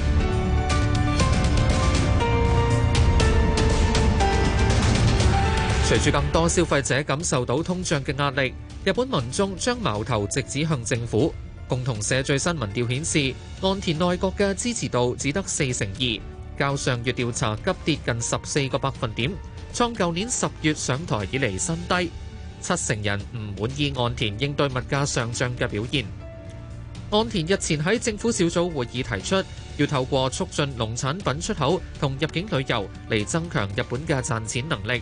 隨住更多消費者感受到通脹嘅壓力，日本民眾將矛頭直指向政府。共同社最新民調顯示，岸田內閣嘅支持度只得四成二，較上月調查急跌近十四個百分點，創舊年十月上台以嚟新低。七成人唔滿意岸田應對物價上漲嘅表現。岸田日前喺政府小組會議提出，要透過促進農產品出口同入境旅遊嚟增強日本嘅賺錢能力。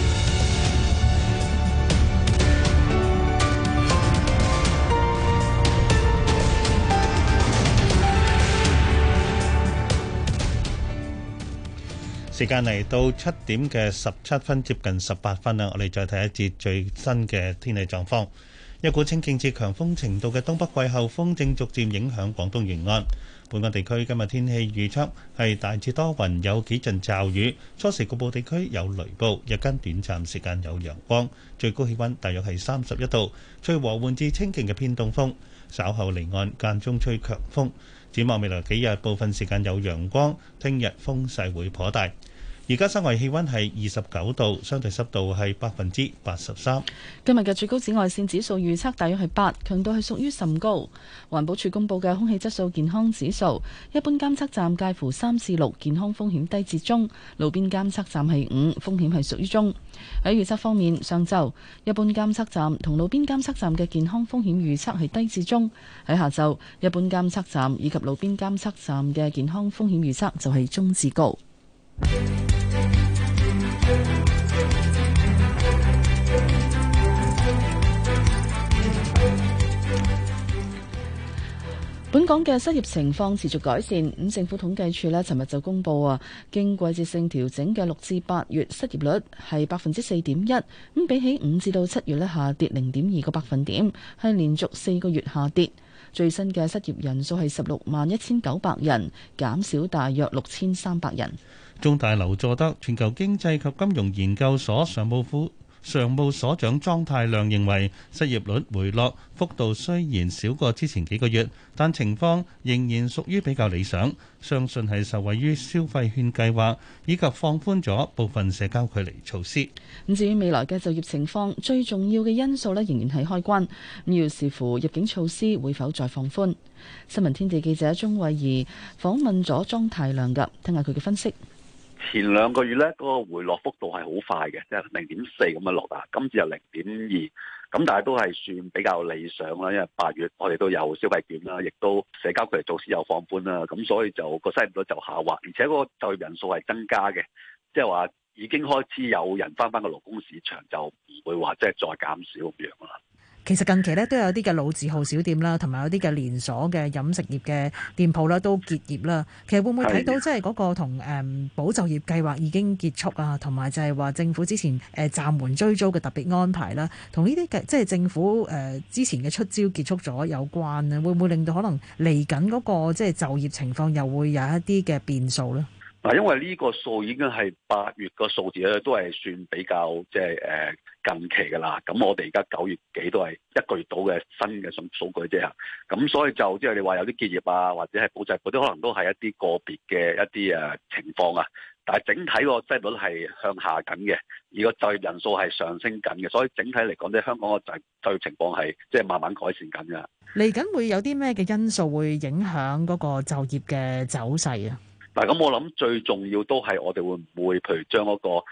時間嚟到七點嘅十七分，接近十八分啦。我哋再睇一節最新嘅天氣狀況。一股清勁至強風程度嘅東北季候風正逐漸影響廣東沿岸。本港地區今日天氣預測係大致多雲，有幾陣驟雨，初時局部地區有雷暴，日間短暫時間有陽光，最高氣温大約係三十一度，吹和緩至清勁嘅偏東風。稍後離岸間中吹強風。展望未來幾日，部分時間有陽光，聽日風勢會頗大。而家室外氣溫係二十九度，相對濕度係百分之八十三。今日嘅最高紫外線指數預測大約係八，強度係屬於甚高。環保署公佈嘅空氣質素健康指數，一般監測站介乎三至六，健康風險低至中；路邊監測站係五，風險係屬於中。喺預測方面，上晝一般監測站同路邊監測站嘅健康風險預測係低至中；喺下晝，一般監測站以及路邊監測站嘅健康風險預測就係中至高。本港嘅失業情況持續改善。政府統計處咧，尋日就公布啊，經季節性調整嘅六至八月失業率係百分之四點一。咁比起五至到七月咧，下跌零點二個百分點，係連續四個月下跌。最新嘅失業人數係十六萬一千九百人，減少大約六千三百人。中大劉佐德全球經濟及金融研究所常務副常務所長莊太亮認為，失業率回落幅度雖然少過之前幾個月，但情況仍然屬於比較理想。相信係受惠於消費券計劃以及放寬咗部分社交距離措施。咁至於未來嘅就業情況，最重要嘅因素咧，仍然係開關，咁要視乎入境措施會否再放寬。新聞天地記者鍾慧儀訪問咗莊太亮噶，聽下佢嘅分析。前兩個月咧，嗰、個回落幅度係好快嘅，即係零點四咁樣落啊。今次就零點二，咁但係都係算比較理想啦。因為八月我哋都有消費券啦，亦都社交距離措施有放寬啦，咁所以就、個失業率就下滑，而且個就業人數係增加嘅，即係話已經開始有人返返個勞工市場，就唔會話即係再減少咁樣啦。其實近期呢都有啲嘅老字號小店啦，同埋有啲嘅連鎖嘅飲食業嘅店鋪啦都結業啦。其實會唔會睇到的即係嗰個同誒、嗯、保就業計劃已經結束啊，同埋就係話政府之前誒暫緩追租嘅特別安排啦、啊，同呢啲嘅即係政府誒、呃、之前嘅出招結束咗有關啊？會唔會令到可能嚟緊嗰個即係就業情況又會有一啲嘅變數呢？嗱，因為呢個數已經係八月個數字咧，都係算比較即係誒近期噶啦。咁我哋而家九月幾都係一個月到嘅新嘅數數據啫。咁所以就即係你話有啲結業啊，或者係補習嗰啲，可能都係一啲個別嘅一啲誒情況啊。但係整體個質率係向下緊嘅，而個就業人數係上升緊嘅。所以整體嚟講，即係香港個就就業情況係即係慢慢改善緊嘅。嚟緊會有啲咩嘅因素會影響嗰個就業嘅走勢啊？嗱，咁我諗最重要都係我哋會唔會，譬如將嗰、那個，誒、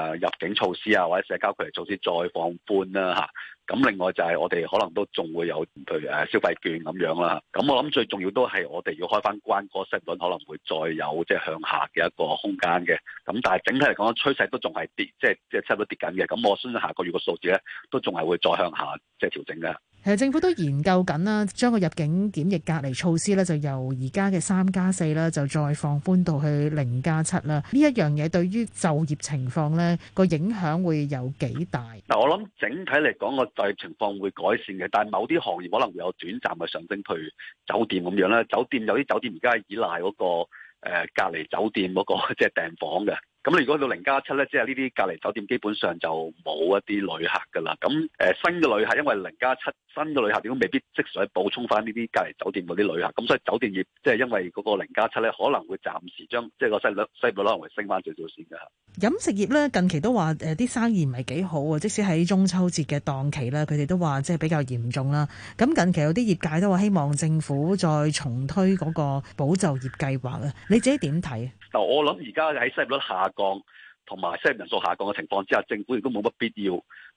呃、入境措施啊，或者社交距離措施再放寬啦、啊，吓、啊。咁另外就係我哋可能都仲會有對誒、消費券咁樣啦。咁我諗最重要都係我哋要開翻關，個息率，可能會再有即係向下嘅一個空間嘅。咁但係整體嚟講趨勢都仲係跌，即係即係差唔多跌緊嘅。咁我相信下個月個數字咧，都仲係會再向下即係調整嘅。其實政府都研究緊啦，將個入境檢疫隔離措施咧，就由而家嘅三加四啦，就再放寬到去零加七啦。呢一樣嘢對於就業情況咧，個影響會有幾大？嗱，我諗整體嚟講個。就業情況會改善嘅，但係某啲行業可能會有短暫嘅上升，譬如酒店咁樣啦。酒店有啲酒店而家係依賴嗰個誒、呃、隔離酒店嗰個即係訂房嘅。咁你如果到零加七咧，7, 即係呢啲隔離酒店基本上就冇一啲旅客㗎啦。咁誒、呃、新嘅旅客，因為零加七新嘅旅客點解未必即時去補充翻呢啲隔離酒店嗰啲旅客？咁所以酒店業即係因為嗰個零加七咧，7, 可能會暫時將即係個失業率會升翻少少先㗎。飲食業咧近期都話誒啲生意唔係幾好啊，即使喺中秋節嘅檔期咧，佢哋都話即係比較嚴重啦。咁近期有啲業界都話希望政府再重推嗰個保就業計劃啊，你自己點睇啊？嗱、呃，我諗而家喺失業率下。降同埋失業人數下降嘅情況之下，政府亦都冇乜必要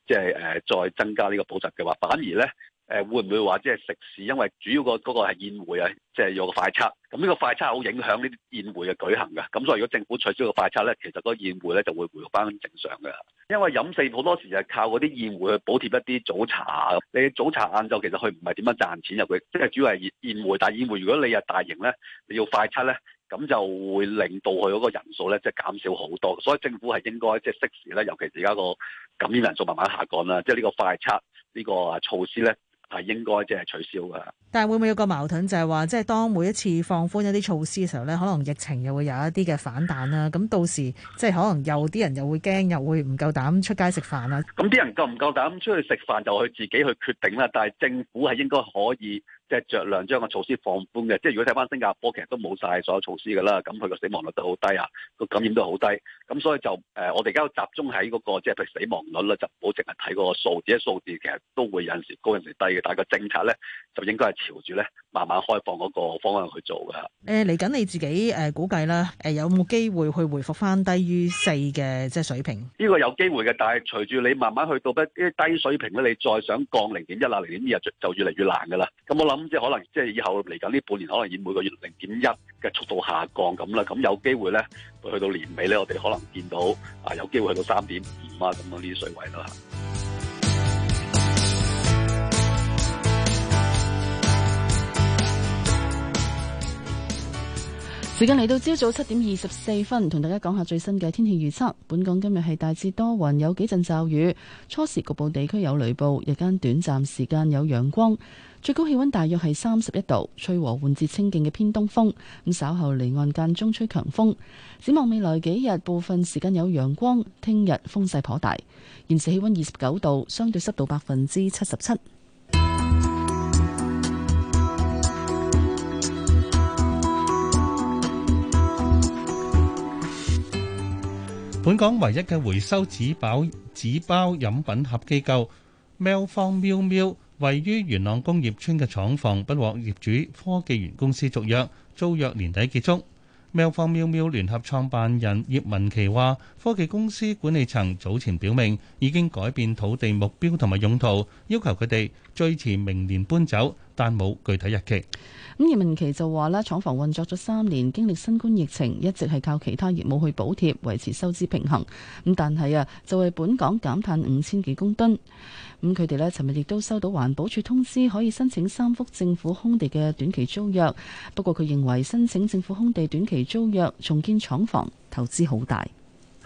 即係誒再增加呢個補習嘅話，反而咧誒、呃、會唔會話即係食肆？因為主要個嗰個係宴會啊，即係有個快測，咁呢個快測好影響呢啲宴會嘅舉行嘅。咁所以如果政府取消個快測咧，其實嗰個宴會咧就會回復翻正常嘅。因為飲食好多時就靠嗰啲宴會去補貼一啲早茶。你早茶晏晝其實佢唔係點樣賺錢入去，即係主要係宴宴會。但係宴會如果你又大型咧，你要快測咧。咁就會令到佢嗰個人數咧，即係減少好多。所以政府係應該即係適時咧，尤其而家個感染人數慢慢下降啦，即係呢個快測呢個措施咧係應該即係取消㗎。但係會唔會有個矛盾就係話，即係當每一次放寬一啲措施嘅時候咧，可能疫情又會有一啲嘅反彈啦。咁到時即係可能有啲人又會驚，又會唔夠膽出街食飯啦。咁啲人夠唔夠膽出去食飯，就佢自己去決定啦。但係政府係應該可以。即係着量將個措施放寬嘅，即係如果睇翻新加坡，其實都冇晒所有措施㗎啦，咁佢個死亡率都好低啊，個感染都好低，咁所以就誒，我哋而家集中喺嗰個即係譬如死亡率啦，就唔好淨係睇個數字，啲數字其實都會有時高有時低嘅，但係個政策咧就應該係朝住咧。慢慢開放嗰個方向去做嘅。誒，嚟緊你自己誒估計啦，誒有冇機會去回復翻低於四嘅，即係水平？呢個有機會嘅，但係隨住你慢慢去到一啲低水平咧，你再想降零點一啊零點二啊，就越嚟越難噶啦。咁我諗即係可能即係以後嚟緊呢半年，可能以每個月零點一嘅速度下降咁啦。咁有機會咧去到年尾咧，我哋可能見到啊有機會去到三點五啊咁樣呢啲水位啦。時間嚟到朝早七點二十四分，同大家講下最新嘅天氣預測。本港今日係大致多雲，有幾陣驟雨，初時局部地區有雷暴，日間短暫時間有陽光，最高氣溫大約係三十一度，吹和緩至清勁嘅偏東風。咁稍後離岸間中吹強風。展望未來幾日，部分時間有陽光，聽日風勢頗大，現時氣溫二十九度，相對濕度百分之七十七。本港唯一嘅回收紙包紙包飲品盒機構，喵方喵喵位於元朗工業村嘅廠房，不獲業主科技園公司續約，租約年底結束。喵方喵喵聯合創辦人葉文琪話，科技公司管理層早前表明已經改變土地目標同埋用途，要求佢哋。最遲明年搬走，但冇具體日期。咁葉明琪就話咧，廠房運作咗三年，經歷新冠疫情，一直係靠其他業務去補貼維持收支平衡。咁但係啊，就為本港減碳五千幾公噸。咁佢哋咧，尋日亦都收到環保署通知，可以申請三幅政府空地嘅短期租約。不過佢認為申請政府空地短期租約重建廠房投資好大。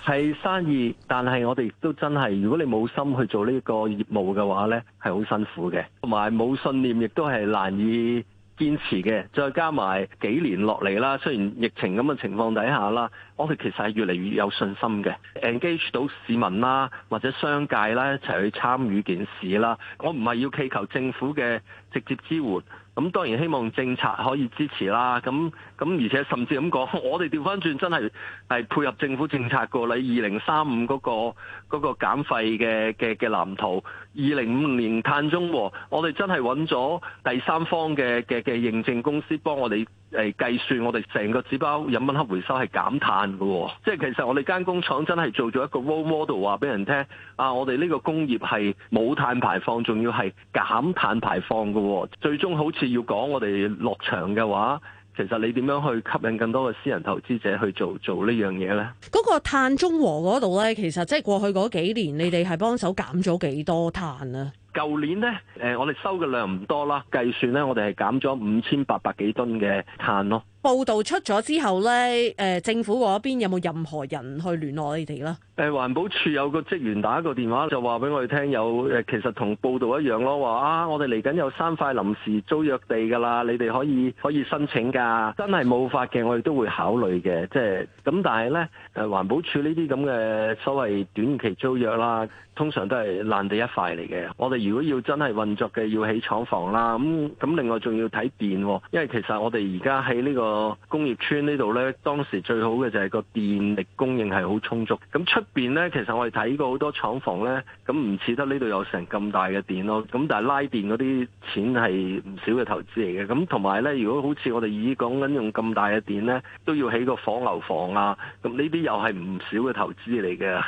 係生意，但係我哋亦都真係，如果你冇心去做呢個業務嘅話呢，係好辛苦嘅，同埋冇信念亦都係難以堅持嘅。再加埋幾年落嚟啦，雖然疫情咁嘅情況底下啦，我哋其實係越嚟越有信心嘅，engage 到市民啦，或者商界啦一齊去參與件事啦。我唔係要祈求政府嘅直接支援。咁當然希望政策可以支持啦，咁咁而且甚至咁講，我哋調翻轉真係係配合政府政策過嚟，二零三五嗰個。嗰個減廢嘅嘅嘅藍圖，二零五年碳中和，我哋真係揾咗第三方嘅嘅嘅認證公司幫我哋誒、欸、計算，我哋成個紙包飲品盒回收係減碳嘅、哦，即係其實我哋間工廠真係做咗一個 role model 話俾人聽，啊，我哋呢個工業係冇碳排放，仲要係減碳排放嘅、哦，最終好似要講我哋落場嘅話。其實你點樣去吸引更多嘅私人投資者去做做呢樣嘢呢？嗰個碳中和嗰度呢，其實即係過去嗰幾年，你哋係幫手減咗幾多碳啊？舊年呢，誒、呃，我哋收嘅量唔多啦，計算呢，我哋係減咗五千八百幾噸嘅碳咯。報道出咗之後呢，誒、呃，政府嗰一邊有冇任何人去聯絡你哋啦？誒、呃，環保署有個職員打個電話就話俾我哋聽，有、呃、誒，其實同報道一樣咯，話啊，我哋嚟緊有三塊臨時租約地噶啦，你哋可以可以申請噶，真係冇法嘅，我哋都會考慮嘅，即係咁。但係呢，誒、呃，環保署呢啲咁嘅所謂短期租約啦。通常都係爛地一塊嚟嘅。我哋如果要真係運作嘅，要起廠房啦。咁咁另外仲要睇電，因為其實我哋而家喺呢個工業村呢度呢，當時最好嘅就係個電力供應係好充足。咁出邊呢，其實我哋睇過好多廠房呢，咁唔似得呢度有成咁大嘅電咯。咁但係拉電嗰啲錢係唔少嘅投資嚟嘅。咁同埋呢，如果好似我哋以講緊用咁大嘅電呢，都要起個火牛房啊。咁呢啲又係唔少嘅投資嚟嘅。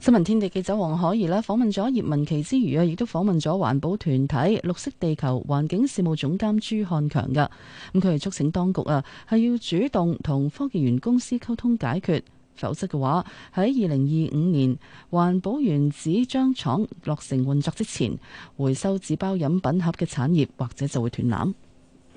新聞天地記者黃可怡咧訪問咗葉文琪之餘啊，亦都訪問咗環保團體綠色地球環境事務總監朱漢強嘅。咁佢係促請當局啊，係要主動同科技園公司溝通解決，否則嘅話喺二零二五年環保園紙漿廠落成運作之前，回收紙包飲品盒嘅產業或者就會斷纜。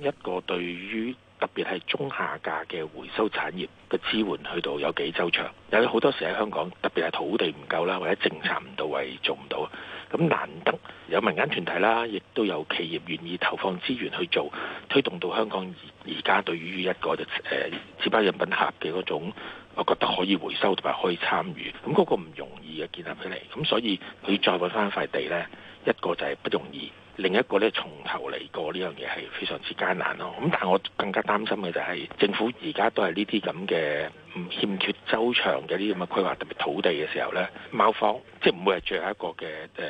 一個對於。特別係中下價嘅回收產業嘅支援去到有幾周長？有好多時喺香港，特別係土地唔夠啦，或者政策唔到位，做唔到。咁難得有民間團體啦，亦都有企業願意投放資源去做，推動到香港而家對於一個嘅誒、呃、紙包飲品盒嘅嗰種，我覺得可以回收同埋可以參與。咁、那、嗰個唔容易嘅建立起嚟。咁所以佢再揾翻一塊地呢，一個就係不容易。另一個咧，從頭嚟過呢樣嘢係非常之艱難咯。咁，但我更加擔心嘅就係、是、政府而家都係呢啲咁嘅欠缺周長嘅啲咁嘅規劃，特別土地嘅時候咧，貓方即係唔會係最後一個嘅誒、呃、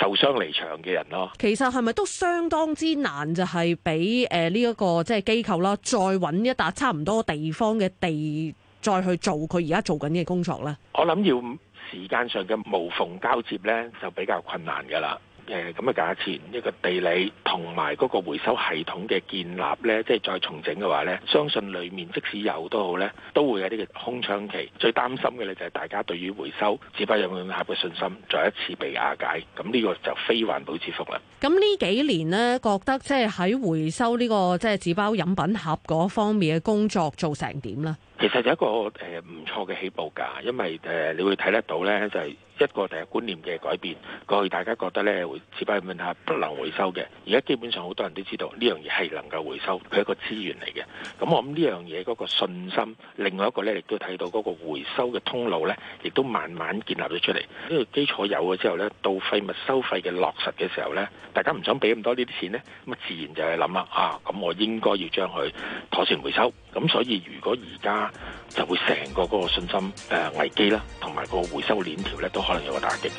受傷離場嘅人咯。其實係咪都相當之難就，呃這個、就係俾誒呢一個即係機構啦，再揾一笪差唔多地方嘅地，再去做佢而家做緊嘅工作咧？我諗要時間上嘅無縫交接咧，就比較困難㗎啦。誒咁嘅價錢，一個地理同埋嗰個回收系統嘅建立呢，即係再重整嘅話呢，相信裡面即使有都好呢，都會有啲嘅空窗期。最擔心嘅呢就係大家對於回收紙包飲品盒嘅信心再一次被瓦解，咁呢個就非環保之福啦。咁呢幾年呢，覺得即係喺回收呢個即係紙包飲品盒嗰方面嘅工作做成點咧？其實就一個誒唔錯嘅起步價，因為誒你會睇得到呢就係、是。一個第一觀念嘅改變，過去大家覺得呢會紙包木蝦不能回收嘅，而家基本上好多人都知道呢樣嘢係能夠回收，佢係一個資源嚟嘅。咁我諗呢樣嘢嗰個信心，另外一個呢亦都睇到嗰個回收嘅通路呢，亦都慢慢建立咗出嚟。呢個基礎有咗之後呢，到廢物收費嘅落實嘅時候呢，大家唔想俾咁多呢啲錢呢，咁啊自然就係諗啦啊，咁我應該要將佢妥善回收。咁所以如果而家就會成個嗰個信心誒危機啦，同埋個回收鏈條呢都。可能有個大決定。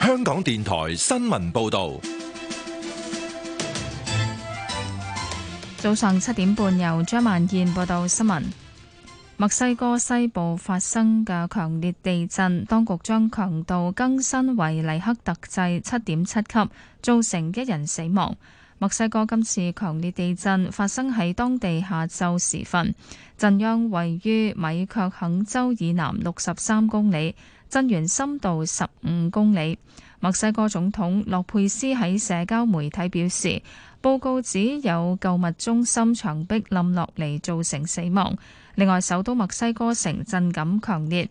香港電台新聞報導。早上七點半，由張萬燕報道新聞。墨西哥西部發生嘅強烈地震，當局將強度更新為黎克特制七點七級，造成一人死亡。墨西哥今次強烈地震發生喺當地下晝時分，震央位於米卻肯州以南六十三公里，震源深度十五公里。墨西哥總統洛佩斯喺社交媒體表示。報告指有購物中心牆壁冧落嚟，造成死亡。另外，首都墨西哥城震感強烈。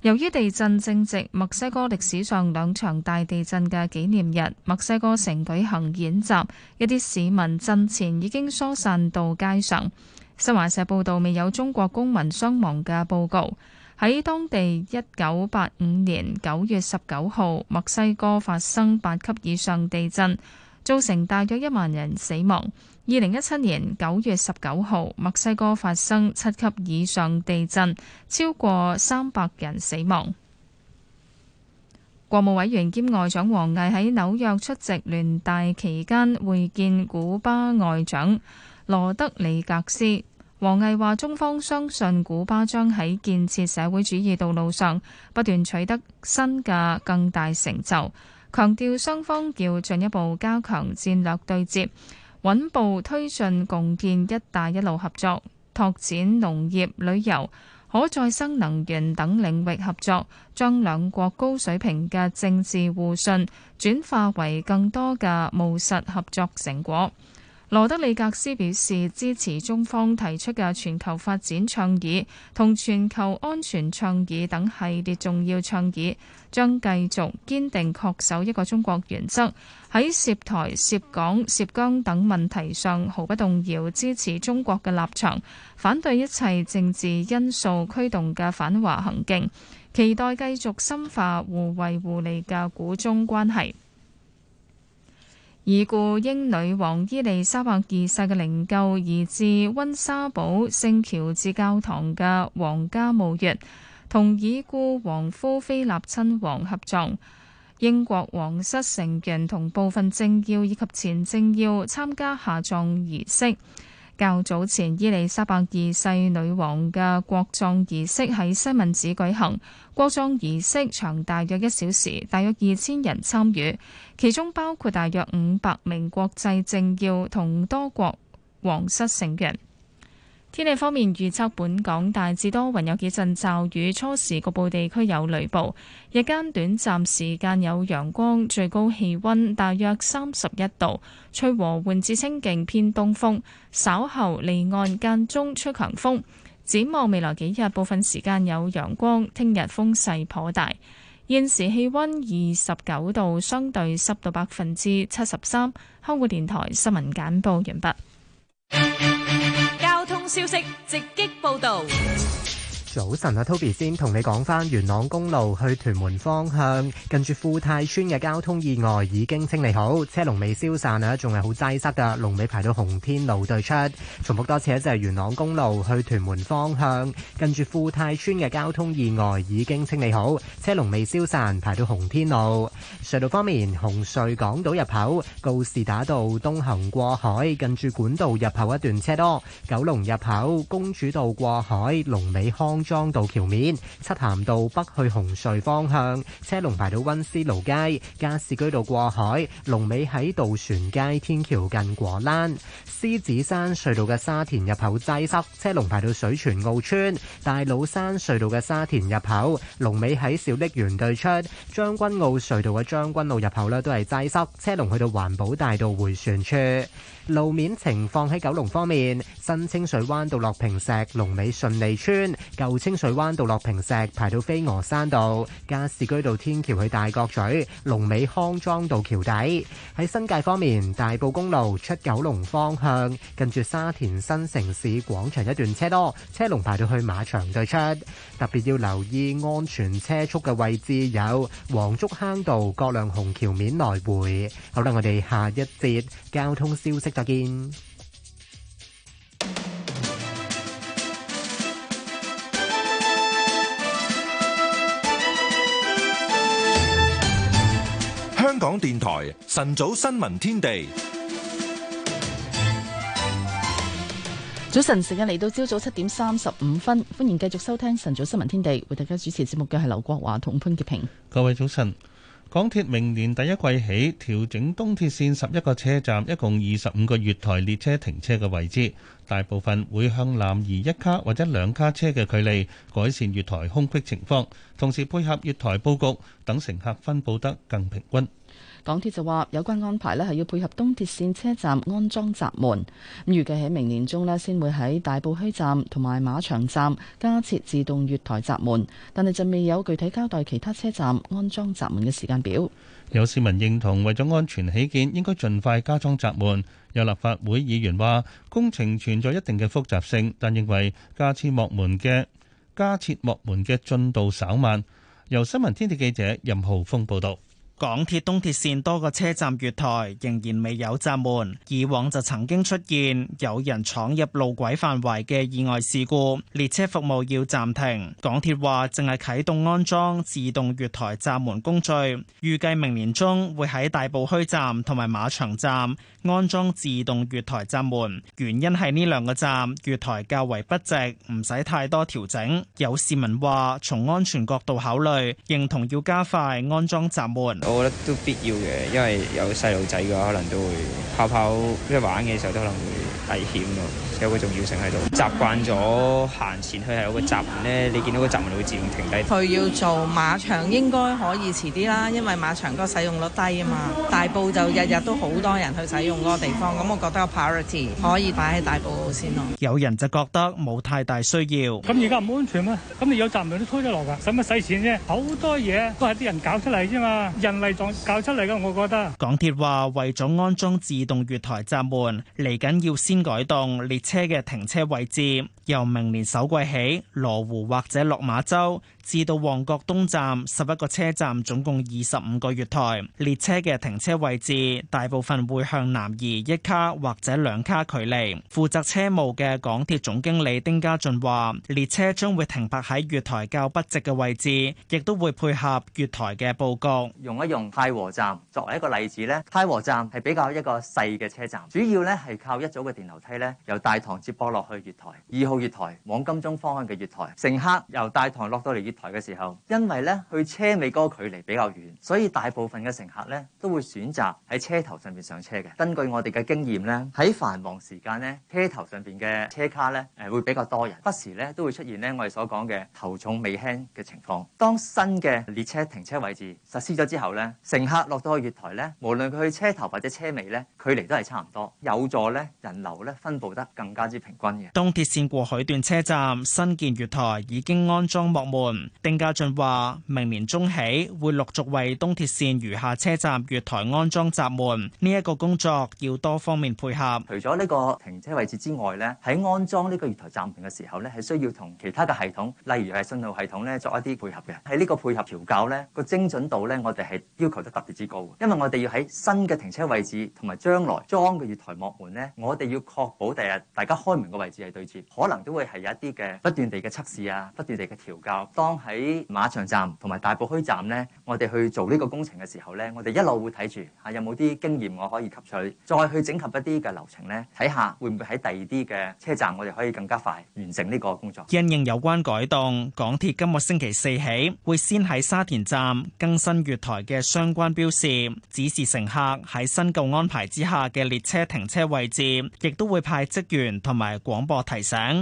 由於地震正值墨西哥歷史上兩場大地震嘅紀念日，墨西哥城舉行演習，一啲市民震前已經疏散到街上。新華社報導未有中國公民傷亡嘅報告。喺當地一九八五年九月十九號，墨西哥發生八級以上地震。造成大約一萬人死亡。二零一七年九月十九號，墨西哥發生七級以上地震，超過三百人死亡。國務委員兼外長王毅喺紐約出席聯大期間會見古巴外長羅德里格斯。王毅話：中方相信古巴將喺建設社會主義道路上不斷取得新嘅更大成就。強調雙方要進一步加強戰略對接，穩步推進共建“一帶一路”合作，拓展農業、旅遊、可再生能源等領域合作，將兩國高水平嘅政治互信轉化為更多嘅務實合作成果。羅德里格斯表示支持中方提出嘅全球發展倡議、同全球安全倡議等系列重要倡議，將繼續堅定恪守一個中國原則，喺涉台、涉港、涉疆等問題上毫不動搖支持中國嘅立場，反對一切政治因素驅動嘅反華行徑，期待繼續深化互惠互利嘅古中關係。已故英女王伊麗莎白二世嘅靈柩移至温莎堡聖喬治教堂嘅皇家墓穴，同已故皇夫菲臘親王合葬。英國皇室成員同部分政要以及前政要參加下葬儀式。較早前，伊麗莎白二世女王嘅國葬儀式喺西敏寺舉行。國葬儀式長大約一小時，大約二千人參與，其中包括大約五百名國際政要同多國皇室成員。天氣方面預測，本港大致多雲，有幾陣驟雨，初時局部地區有雷暴，日間短暫時間有陽光，最高氣溫大約三十一度，吹和緩至清勁偏東風，稍後離岸間中吹強風。展望未來幾日，部分時間有陽光，聽日風勢頗大。現時氣溫二十九度，相對濕度百分之七十三。香港電台新聞簡報完畢。消息直擊報導。早晨啊，Toby 先同你講翻元朗公路去屯門方向，近住富泰村嘅交通意外已經清理好，車龍未消散啊，仲係好擠塞噶，龍尾排到洪天路對出。重複多次，一就係元朗公路去屯門方向，近住富泰村嘅交通意外已經清理好，車龍未消散，排到洪天路。隧道方面，紅隧港島入口告士打道東行過海，近住管道入口一段車多；九龍入口公主道過海，龍尾康莊道橋面、漆咸道北去紅隧方向車龍排到温思勞街、加士居道過海、龍尾喺渡船街天橋近果欄；獅子山隧道嘅沙田入口擠塞，車龍排到水泉澳村；大老山隧道嘅沙田入口龍尾喺小瀝源對出；將軍澳隧道嘅將軍澳入口咧都係擠塞，車龍去到環保大道回旋處。路面情況喺九龍方面，新清水灣到落坪石、龍尾順利村，舊清水灣到落坪石排到飛鵝山道、加士居道天橋去大角咀、龍尾康莊道橋底。喺新界方面，大埔公路出九龍方向，近住沙田新城市廣場一段車多，車龍排到去馬場對出。特別要留意安全車速嘅位置有黃竹坑道、葛量洪橋面來回。好啦，我哋下一節交通消息。再見。香港電台晨早新聞天地。早晨，時間嚟到朝早七點三十五分，歡迎繼續收聽晨早新聞天地，為大家主持節目嘅係劉國華同潘潔平。各位早晨。港鐵明年第一季起調整東鐵線十一個車站，一共二十五個月台列車停車嘅位置，大部分會向南移一卡或者兩卡車嘅距離，改善月台空隙情況，同時配合月台佈局，等乘客分佈得更平均。港鐵就話：有關安排咧係要配合東鐵線車站安裝閘門，咁預計喺明年中咧先會喺大埔墟站同埋馬場站加設自動月台閘門，但係就未有具體交代其他車站安裝閘門嘅時間表。有市民認同，為咗安全起見，應該盡快加裝閘門。有立法會議員話工程存在一定嘅複雜性，但認為加設閘門嘅加設閘門嘅進度稍慢。由新聞天地記者任浩峰報導。港鐵東鐵線多個車站月台仍然未有閘門，以往就曾經出現有人闖入路軌範圍嘅意外事故，列車服務要暫停。港鐵話正係啟動安裝自動月台閘門工序，預計明年中會喺大埔墟站同埋馬場站安裝自動月台閘門，原因係呢兩個站月台較為筆直，唔使太多調整。有市民話從安全角度考慮，認同要加快安裝閘門。我覺得都必要嘅，因為有細路仔嘅話，可能都會泡泡即係玩嘅時候都可能會危險咯。有個重要性喺度，習慣咗行前去係有個閘門咧，你見到個閘門會自動停低。佢要做馬場應該可以遲啲啦，因為馬場個使用率低啊嘛。大埔就日日都好多人去使用嗰個地方，咁我覺得有 priority 可以擺喺大埔先咯。有人就覺得冇太大需要。咁而家唔安全啊？咁你有閘門都推得落㗎，使乜使錢啫？好多嘢都係啲人搞出嚟啫嘛，人為撞搞出嚟㗎，我覺得。港鐵話為咗安裝自動月台閘門，嚟緊要先改動列車。車嘅停車位置。由明年首季起，羅湖或者落馬洲至到旺角東站十一個車站，總共二十五個月台，列車嘅停車位置大部分會向南移一卡或者兩卡距離。負責車務嘅港鐵總經理丁家俊話，列車將會停泊喺月台較不直嘅位置，亦都會配合月台嘅布局。用一用太和站作為一個例子咧，太和站係比較一個細嘅車站，主要咧係靠一組嘅電樓梯咧由大堂接駁落去月台到月台往金鐘方向嘅月台，乘客由大堂落到嚟月台嘅時候，因為咧去車尾嗰個距離比較遠，所以大部分嘅乘客咧都會選擇喺車頭上邊上車嘅。根據我哋嘅經驗咧，喺繁忙時間咧，車頭上邊嘅車卡咧，誒，會比較多人，不時咧都會出現咧我哋所講嘅頭重尾輕嘅情況。當新嘅列車停車位置實施咗之後咧，乘客落到去月台咧，無論佢去車頭或者車尾咧，距離都係差唔多，有助咧人流咧分佈得更加之平均嘅。東鐵線過海段車站新建月台已經安裝幕門。丁家俊話：明年中起會陸續為東鐵線餘下車站月台安裝閘門。呢一個工作要多方面配合。除咗呢個停車位置之外咧，喺安裝呢個月台閘門嘅時候咧，係需要同其他嘅系統，例如係信號系統咧，作一啲配合嘅。喺呢個配合調校咧，個精準度咧，我哋係要求得特別之高。因為我哋要喺新嘅停車位置同埋將來裝嘅月台幕門咧，我哋要確保第日大家開門嘅位置係對住可可能都會係有一啲嘅不斷地嘅測試啊，不斷地嘅調校。當喺馬場站同埋大埔墟站呢，我哋去做呢個工程嘅時候呢，我哋一路會睇住吓有冇啲經驗我可以吸取，再去整合一啲嘅流程呢，睇下會唔會喺第二啲嘅車站我哋可以更加快完成呢個工作。因應有關改動，港鐵今個星期四起會先喺沙田站更新月台嘅相關標示，指示乘客喺新舊安排之下嘅列車停車位置，亦都會派職員同埋廣播提醒。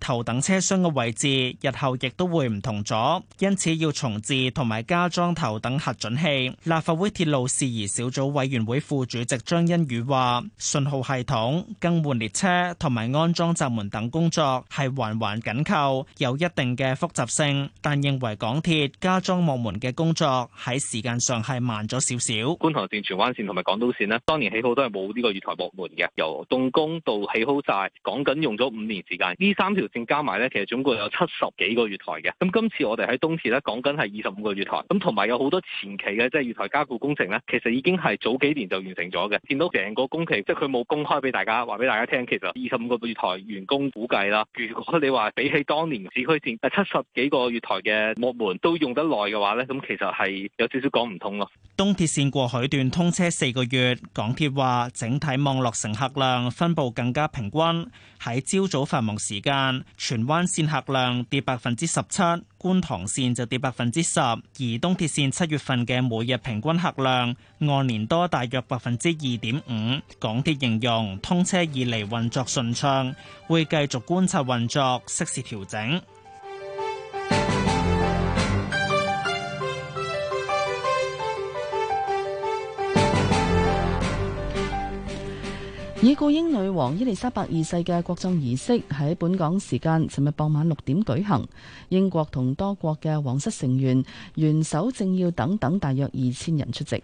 頭等車廂嘅位置，日後亦都會唔同咗，因此要重置同埋加裝頭等核准器。立法會鐵路事宜小組委員會副主席張欣宇話，信號系統、更換列車同埋安裝閘門等工作係環環緊扣，有一定嘅複雜性。但認為港鐵加裝幕門嘅工作喺時間上係慢咗少少。觀塘線、荃灣線同埋港島線咧，當年起好都係冇呢個月台幕門嘅，由動工到起好晒，講緊用咗五年時間。呢三條正加埋咧，其實總共有七十幾個月台嘅。咁今次我哋喺東鐵咧講緊係二十五個月台，咁同埋有好多前期嘅即係月台加固工程呢，其實已經係早幾年就完成咗嘅。見到成個工期，即係佢冇公開俾大家話俾大家聽，其實二十五個月台完工估計啦。如果你話比起當年市區線誒七十幾個月台嘅幕門都用得耐嘅話咧，咁其實係有少少講唔通咯。東鐵線過海段通車四個月，港鐵話整體網絡乘客量分布更加平均，喺朝早繁忙時間。荃灣線客量跌百分之十七，觀塘線就跌百分之十，而東鐵線七月份嘅每日平均客量按年多大約百分之二點五。港鐵形容通車以嚟運作順暢，會繼續觀察運作，適時調整。已故英女王伊麗莎白二世嘅國葬儀式喺本港時間尋日傍晚六點舉行，英國同多國嘅皇室成員、元首、政要等等大約二千人出席。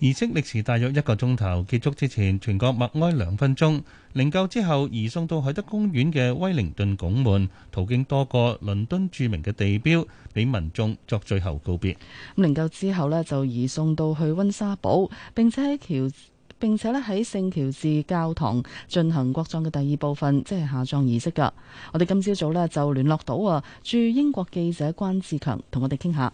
儀式歷時大約一個鐘頭，結束之前全國默哀兩分鐘。靈柩之後移送到海德公園嘅威靈頓拱門，途徑多個倫敦著名嘅地標，俾民眾作最後告別。咁靈柩之後咧就移送到去溫莎堡，並且喺橋。並且咧喺聖喬治教堂進行國葬嘅第二部分，即係下葬儀式噶。我哋今朝早呢就聯絡到啊駐英國記者關志強，同我哋傾下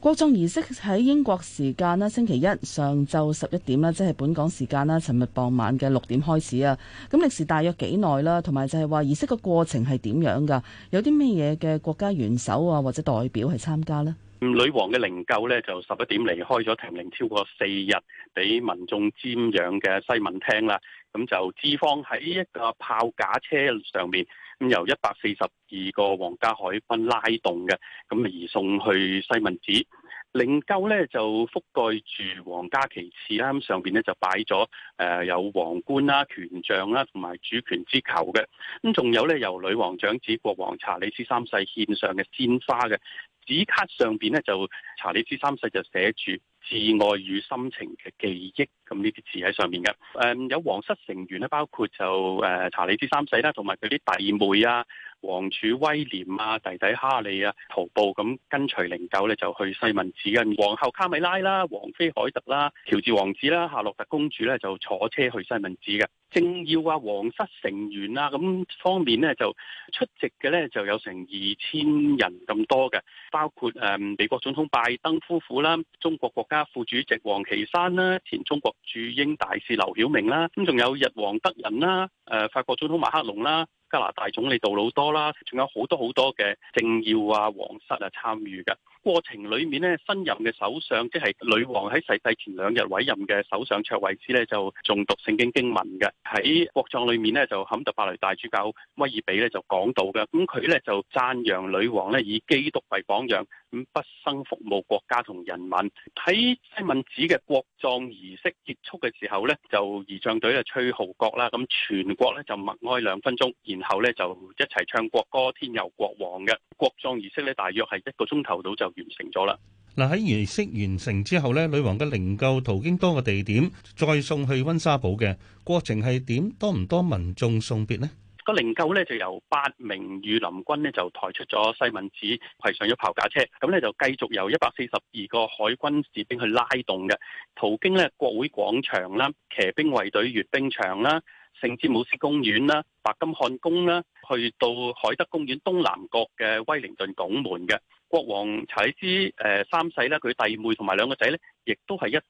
國葬儀式喺英國時間咧，星期一上晝十一點啦，即係本港時間啦，尋日傍晚嘅六點開始啊。咁歷時大約幾耐啦？同埋就係話儀式嘅過程係點樣噶？有啲咩嘢嘅國家元首啊或者代表係參加呢？女王嘅靈柩咧就十一點離開咗停靈超過四日，俾民眾瞻仰嘅西敏廳啦。咁就置放喺一個炮架車上面，咁由一百四十二個皇家海軍拉動嘅，咁移送去西敏寺。靈柩咧就覆蓋住皇家旗幟啦，咁上邊咧就擺咗誒有皇冠啦、權杖啦，同埋主權之球嘅。咁仲有咧，由女王長子國王查理斯三世獻上嘅鮮花嘅。紙卡上邊咧，就查理斯三世就寫住摯愛與心情嘅記憶，咁呢啲字喺上面嘅。誒有皇室成員咧，包括就誒查理斯三世啦，同埋佢啲弟妹啊。王儲威廉啊，弟弟哈利啊，徒步咁跟隨靈柩咧，就去西敏寺嘅。皇后卡米拉啦，王妃凱特啦，喬治王子啦，夏洛特公主咧，就坐車去西敏寺嘅。政要啊，皇室成員啊，咁方面呢，就出席嘅呢，就有成二千人咁多嘅，包括誒、呃、美國總統拜登夫婦啦，中國國家副主席王岐山啦，前中國駐英大使劉曉明啦，咁仲有日王德仁啦，誒、呃、法國總統馬克龍啦。加拿大總理杜魯多啦，仲有好多好多嘅政要啊、皇室啊參與㗎。過程裏面咧，新任嘅首相即係女王喺逝世，世前兩日委任嘅首相卓慧思咧，就誦讀聖經經文嘅。喺國葬裏面咧，就坎特伯雷大主教威爾比咧就講道嘅。咁佢咧就讚揚女王咧以基督為榜樣，咁畢生服務國家同人民。喺西敏寺嘅國葬儀式結束嘅時候咧，就儀仗隊啊吹號角啦，咁全國咧就默哀兩分鐘，然後咧就一齊唱國歌《天佑國王》嘅。國葬儀式咧大約係一個鐘頭到就。完成咗啦。嗱，喺儀式完成之後咧，女王嘅靈柩途經多個地點，再送去溫莎堡嘅過程係點？多唔多民眾送別呢？個靈柩咧就由八名御林軍呢，就抬出咗西敏寺攜上咗炮架車，咁咧就繼續由一百四十二個海軍士兵去拉動嘅，途經咧國會廣場啦、騎兵衛隊閱兵場啦、聖詹姆斯公園啦、白金漢宮啦，去到海德公園東南角嘅威靈頓拱門嘅。國王查理斯，誒，三世咧，佢弟妹同埋兩個仔咧，亦都係一。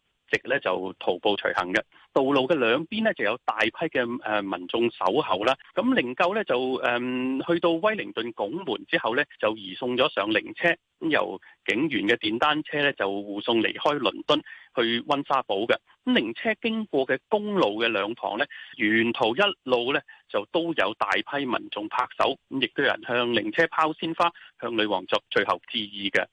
咧，就徒步隨行嘅道路嘅兩邊呢，就有大批嘅誒民眾守候啦。咁靈柩咧就誒去到威靈頓拱門之後咧就移送咗上靈車，咁由警員嘅電單車咧就護送離開倫敦去溫莎堡嘅。咁靈車經過嘅公路嘅兩旁咧，沿途一路咧就都有大批民眾拍手，咁亦都有人向靈車拋鮮花，向女王作最後致意嘅。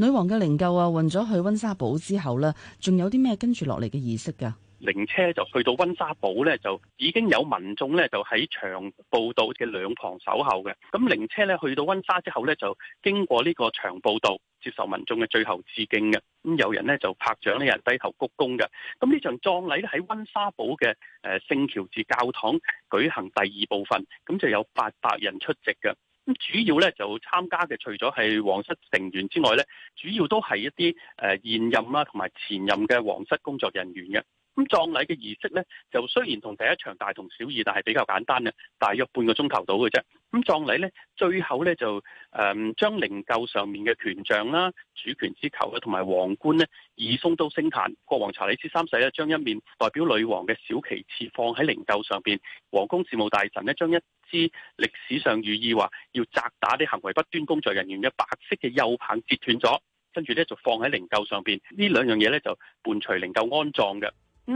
女王嘅靈柩啊，運咗去溫莎堡之後呢，仲有啲咩跟住落嚟嘅儀式噶？靈車就去到溫莎堡呢，就已經有民眾呢，就喺長步道嘅兩旁守候嘅。咁靈車呢，去到溫莎之後呢，就經過呢個長步道，接受民眾嘅最後致敬嘅。咁有人呢就拍掌，有人低頭鞠躬嘅。咁呢場葬禮咧喺溫莎堡嘅誒聖喬治教堂舉行第二部分，咁就有八百人出席嘅。主要咧就參加嘅，除咗係皇室成員之外咧，主要都係一啲誒現任啦同埋前任嘅皇室工作人員嘅。葬禮嘅儀式呢，就雖然同第一場大同小異，但係比較簡單嘅，大約半個鐘頭到嘅啫。咁葬禮呢，最後呢，就誒將靈柩上面嘅權杖啦、主權之球啊，同埋皇冠呢，移送到聖壇。國王查理斯三世呢，將一面代表女王嘅小旗幟放喺靈柩上邊。皇宮事務大臣呢，將一支歷史上寓意話要責打啲行為不端工作人員嘅白色嘅右棒截斷咗，跟住呢，就放喺靈柩上邊。呢兩樣嘢呢，就伴隨靈柩安葬嘅。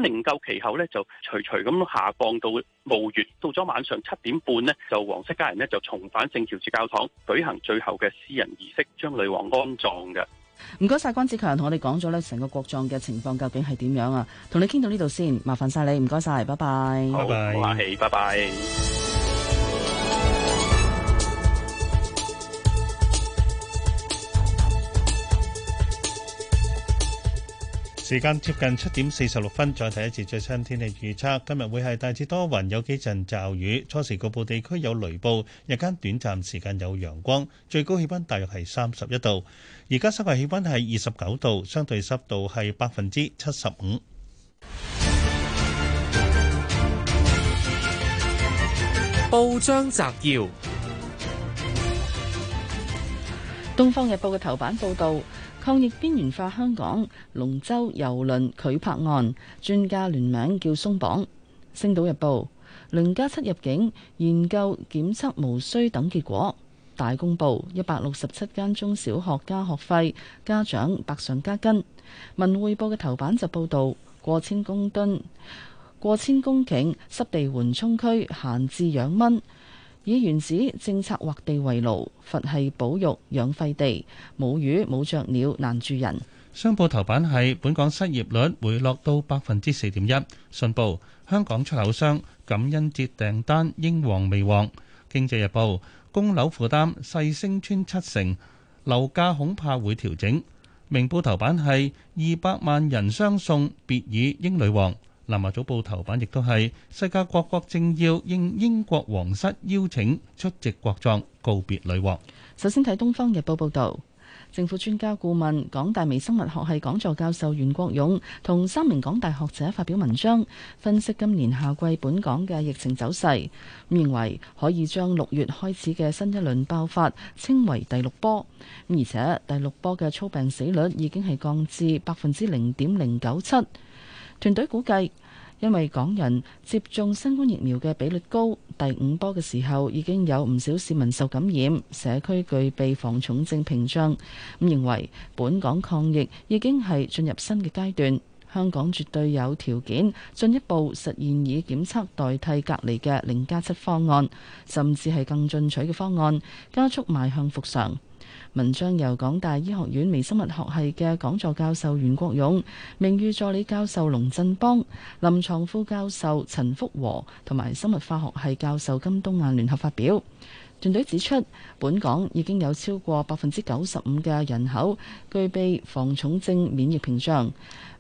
靈柩其後咧，就徐徐咁下降到墓穴，到咗晚上七點半呢，就皇室家人呢，就重返聖喬治教堂舉行最後嘅私人儀式，將女王安葬嘅。唔該晒，關子強，同我哋講咗咧成個國葬嘅情況究竟係點樣啊？同你傾到呢度先，麻煩晒你，唔該晒，拜拜。好，拜拜。好，好，拜拜。拜拜。時間接近七點四十六分，再睇一次最新天氣預測。今日會係大致多雲，有幾陣驟雨，初時局部地區有雷暴，日間短暫時間有陽光，最高氣温大約係三十一度。而家室外氣温係二十九度，相對濕度係百分之七十五。報章摘要，《東方日報》嘅頭版報道。抗疫邊緣化香港，龍舟遊輪拒泊岸，專家聯名叫鬆綁。星島日報，零加七入境研究檢測無需等結果。大公報，一百六十七間中小學加學費，家長百上加斤。文匯報嘅頭版就報導過千公噸、過千公頃濕地緩衝區閒置養蚊。以原址政策劃地為牢，佛系保育養廢地，冇魚冇雀鳥難住人。商報頭版係本港失業率回落到百分之四點一。信報香港出口商感恩節訂單應旺未旺。經濟日報供樓負擔細升穿七成，樓價恐怕會調整。明報頭版係二百萬人相送別以英女王。《南華早報》頭版亦都係世界各國政要應英國皇室邀請出席國葬，告別女王。首先睇《東方日報》報道，政府專家顧問、港大微生物學系講座教授袁國勇同三名港大學者發表文章，分析今年夏季本港嘅疫情走勢，咁認為可以將六月開始嘅新一輪爆發稱為第六波，而且第六波嘅粗病死率已經係降至百分之零點零九七。團隊估計，因為港人接種新冠疫苗嘅比率高，第五波嘅時候已經有唔少市民受感染，社區具備防重症屏障，咁認為本港抗疫已經係進入新嘅階段。香港絕對有條件進一步實現以檢測代替隔離嘅零加七方案，甚至係更進取嘅方案，加速邁向復常。文章由港大醫學院微生物學系嘅講座教授袁國勇、名譽助理教授龍振邦、臨床副教授陳福和同埋生物化學系教授金東亞聯合發表。團隊指出，本港已經有超過百分之九十五嘅人口具備防重症免疫屏障。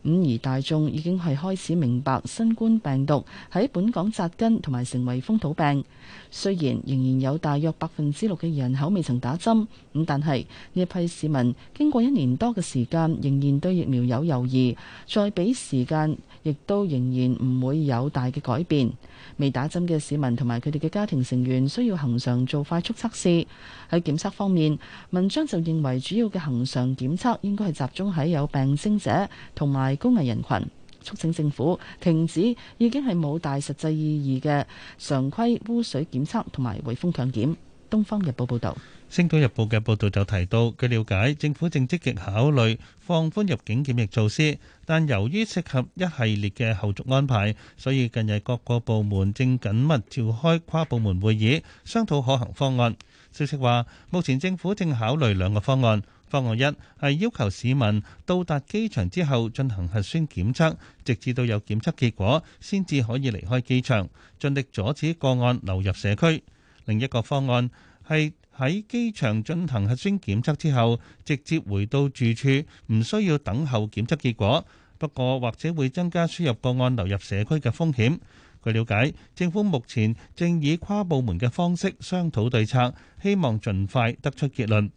五而大眾已經係開始明白新冠病毒喺本港扎根同埋成為風土病，雖然仍然有大約百分之六嘅人口未曾打針，咁但係呢一批市民經過一年多嘅時間，仍然對疫苗有猶豫，再俾時間。亦都仍然唔會有大嘅改變，未打針嘅市民同埋佢哋嘅家庭成員需要恒常做快速測試。喺檢測方面，文章就認為主要嘅恒常檢測應該係集中喺有病徵者同埋高危人群，促請政府停止已經係冇大實際意義嘅常規污水檢測同埋圍封強檢，東方日報報道。《星島日報》嘅報導就提到，據瞭解，政府正積極考慮放寬入境檢疫措施，但由於涉及一系列嘅後續安排，所以近日各個部門正緊密召開跨部門會議，商討可行方案。消息話，目前政府正考慮兩個方案。方案一係要求市民到達機場之後進行核酸檢測，直至到有檢測結果先至可以離開機場，盡力阻止個案流入社區。另一個方案係，喺機場進行核酸檢測之後，直接回到住處，唔需要等候檢測結果。不過，或者會增加輸入個案流入社區嘅風險。據了解，政府目前正以跨部門嘅方式商討對策，希望盡快得出結論。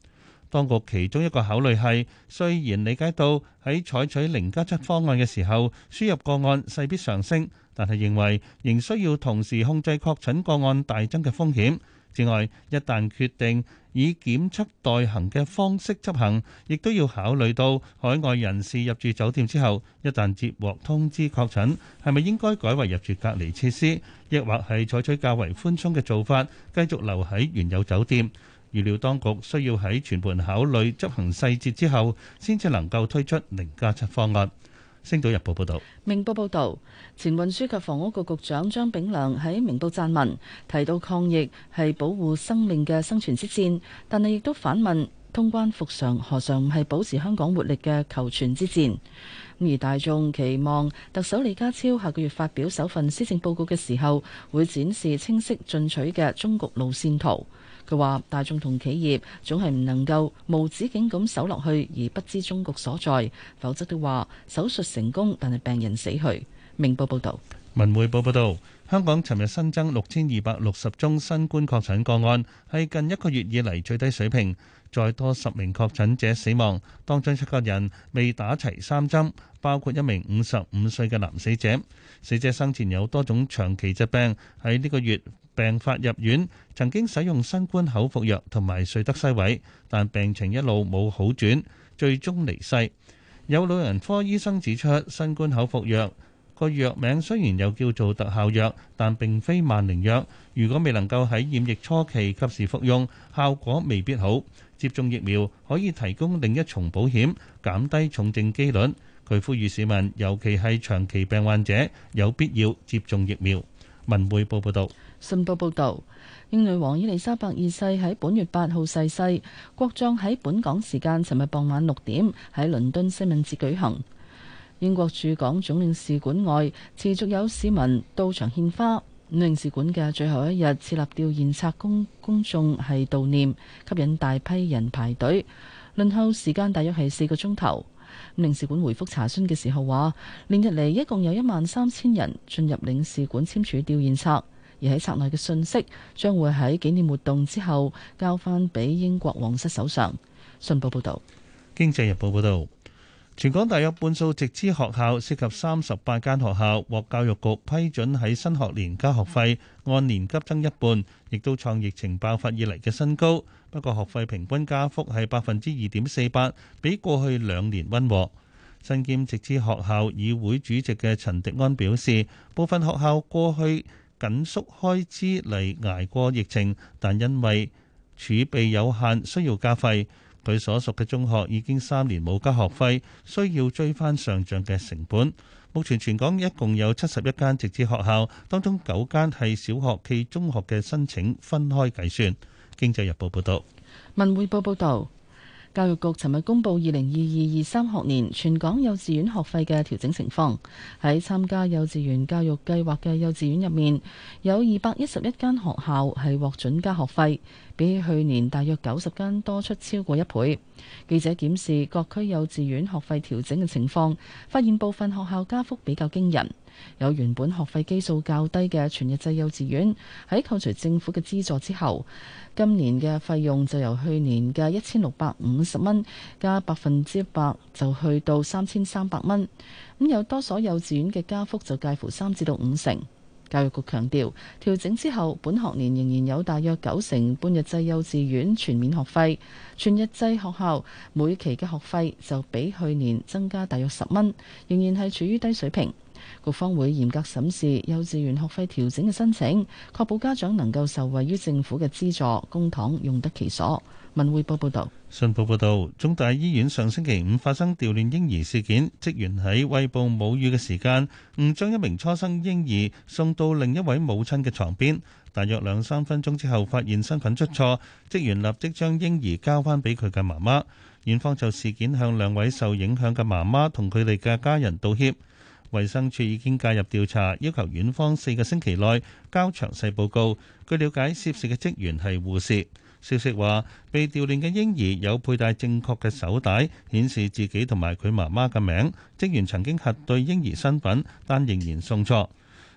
當局其中一個考慮係，雖然理解到喺採取零加七方案嘅時候，輸入個案勢必上升，但係認為仍需要同時控制確診個案大增嘅風險。之外，一旦決定以檢測代行嘅方式執行，亦都要考慮到海外人士入住酒店之後，一旦接獲通知確診，係咪應該改為入住隔離設施，亦或係採取較為寬鬆嘅做法，繼續留喺原有酒店。預料當局需要喺全盤考慮執行細節之後，先至能夠推出零加七方案。星島日報報道，明報報道，前運輸及房屋局局長張炳良喺明報撰文提到抗疫係保護生命嘅生存之戰，但係亦都反問通關復常何嘗唔係保持香港活力嘅求存之戰。而大眾期望特首李家超下個月發表首份施政報告嘅時候，會展示清晰進取嘅中國路線圖。佢話：大眾同企業總係唔能夠無止境咁守落去而不知終局所在，否則的話，手術成功但係病人死去。明報報導，文匯報報導，香港尋日新增六千二百六十宗新冠確診個案，係近一個月以嚟最低水平。再多十名確診者死亡，當中七個人未打齊三針，包括一名五十五歲嘅男死者。死者生前有多種長期疾病，喺呢個月，病發入院，曾經使用新冠口服藥同埋瑞德西韋，但病情一路冇好轉，最終離世。有老人科醫生指出，新冠口服藥個藥名雖然又叫做特效藥，但並非萬靈藥。如果未能夠喺染疫初期及時服用，效果未必好。接種疫苗可以提供另一重保險，減低重症機率。佢呼籲市民，尤其係長期病患者，有必要接種疫苗。文匯報報道。信報報導，英女王伊麗莎白二世喺本月八號逝世，國葬喺本港時間尋日傍晚六點喺倫敦西敏寺舉行。英國駐港總領事館外持續有市民到場獻花，領事館嘅最後一日設立吊唁冊，公公眾係悼念，吸引大批人排隊輪候時間，大約係四個鐘頭。領事館回覆查詢嘅時候話，連日嚟一共有一萬三千人進入領事館簽署吊唁冊，冊。而喺冊內嘅信息將會喺紀念活動之後交翻俾英國王室手上。信報報道，經濟日報報道，全港大約半數直資學校涉及三十八間學校，獲教育局批准喺新學年加學費，按年急增一半，亦都創疫情爆發以嚟嘅新高。不過學費平均加幅係百分之二點四八，比過去兩年溫和。身兼直資學校議會主席嘅陳迪安表示，部分學校過去。緊縮開支嚟捱過疫情，但因為儲備有限，需要加費。佢所屬嘅中學已經三年冇交學費，需要追翻上漲嘅成本。目前全港一共有七十一間直資學校，當中九間係小學暨中學嘅申請分開計算。經濟日報報道，文匯報報道。教育局尋日公布二零二二二三學年全港幼稚園學費嘅調整情況。喺參加幼稚園教育計劃嘅幼稚園入面，有二百一十一間學校係獲准加學費，比去年大約九十間多出超過一倍。記者檢視各區幼稚園學費調整嘅情況，發現部分學校加幅比較驚人。有原本學費基數較低嘅全日制幼稚園，喺扣除政府嘅資助之後，今年嘅費用就由去年嘅一千六百五十蚊加百分之一百，就去到三千三百蚊。咁有多所幼稚園嘅加幅就介乎三至到五成。教育局強調，調整之後，本學年仍然有大約九成半日制幼稚園全免學費，全日制學校每期嘅學費就比去年增加大約十蚊，仍然係處於低水平。局方會嚴格審視幼稚園學費調整嘅申請，確保家長能夠受惠於政府嘅資助，公帑用得其所。文匯報報道，信報報道，中大醫院上星期五發生調亂嬰兒事件，職員喺喂哺母乳嘅時間，誤將一名初生嬰兒送到另一位母親嘅床邊，大約兩三分鐘之後發現身份出錯，職員立即將嬰兒交翻俾佢嘅媽媽。院方就事件向兩位受影響嘅媽媽同佢哋嘅家人道歉。衛生署已經介入調查，要求院方四個星期內交詳細報告。據了解，涉事嘅職員係護士。消息話，被調亂嘅嬰兒有佩戴正確嘅手帶，顯示自己同埋佢媽媽嘅名。職員曾經核對嬰兒身份，但仍然送錯。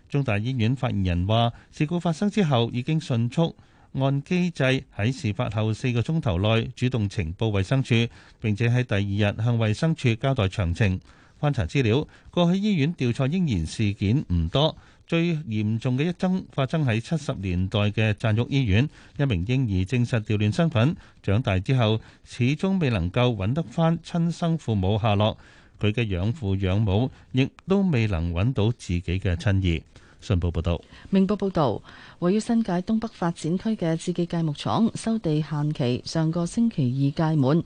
中大醫院發言人話，事故發生之後已經迅速按機制喺事發後四個鐘頭內主動呈報衛生署，並且喺第二日向衛生署交代詳情。翻查資料，過去醫院調錯嬰兒事件唔多，最嚴重嘅一宗發生喺七十年代嘅贊育醫院，一名嬰兒證實調亂身份，長大之後始終未能夠揾得翻親生父母下落，佢嘅養父養母亦都未能揾到自己嘅親兒。信報報道。明報報道，位於新界東北發展區嘅志記鎅木廠收地限期上個星期二屆滿。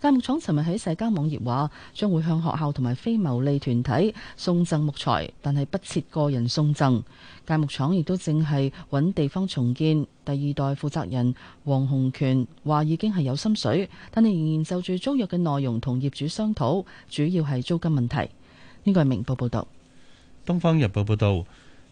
間木廠尋日喺社交網頁話，將會向學校同埋非牟利團體送贈木材，但係不設個人送贈。間木廠亦都正係揾地方重建。第二代負責人黃洪權話，已經係有心水，但係仍然就住租約嘅內容同業主商討，主要係租金問題。呢個係明報報道。東方日報報道。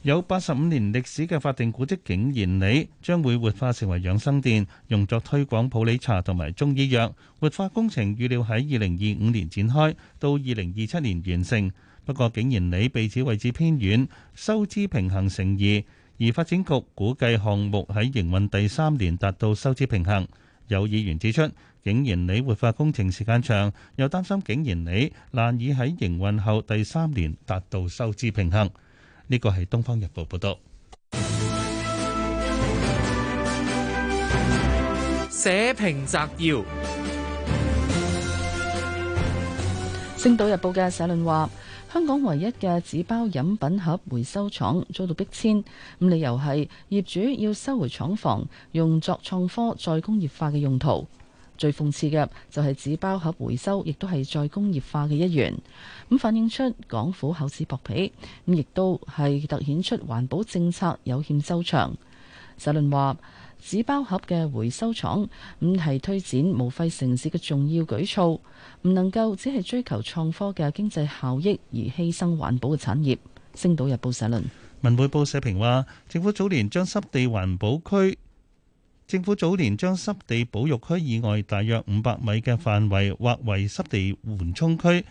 有八十五年歷史嘅法定古蹟景賢里將會活化成為養生店，用作推廣普洱茶同埋中醫藥。活化工程預料喺二零二五年展開，到二零二七年完成。不過，景賢里被指位置偏遠，收支平衡成疑。而發展局估計項目喺營運第三年達到收支平衡。有議員指出，景賢里活化工程時間長，又擔心景賢里難以喺營運後第三年達到收支平衡。呢個係《東方日報》報道，社評摘要，《星島日報》嘅社論話，香港唯一嘅紙包飲品盒回收廠遭到逼遷，咁理由係業主要收回廠房，用作創科再工業化嘅用途。最諷刺嘅就係紙包盒回收，亦都係再工業化嘅一員，咁反映出港府厚此薄彼，咁亦都係突顯出環保政策有欠周詳。社論話：紙包盒嘅回收廠，唔係推展無廢城市嘅重要舉措，唔能夠只係追求創科嘅經濟效益而犧牲環保嘅產業。星島日報社論、文匯報社評話：政府早年將濕地環保區政府早年將濕地保育區以外大約五百米嘅範圍劃為濕地緩衝區，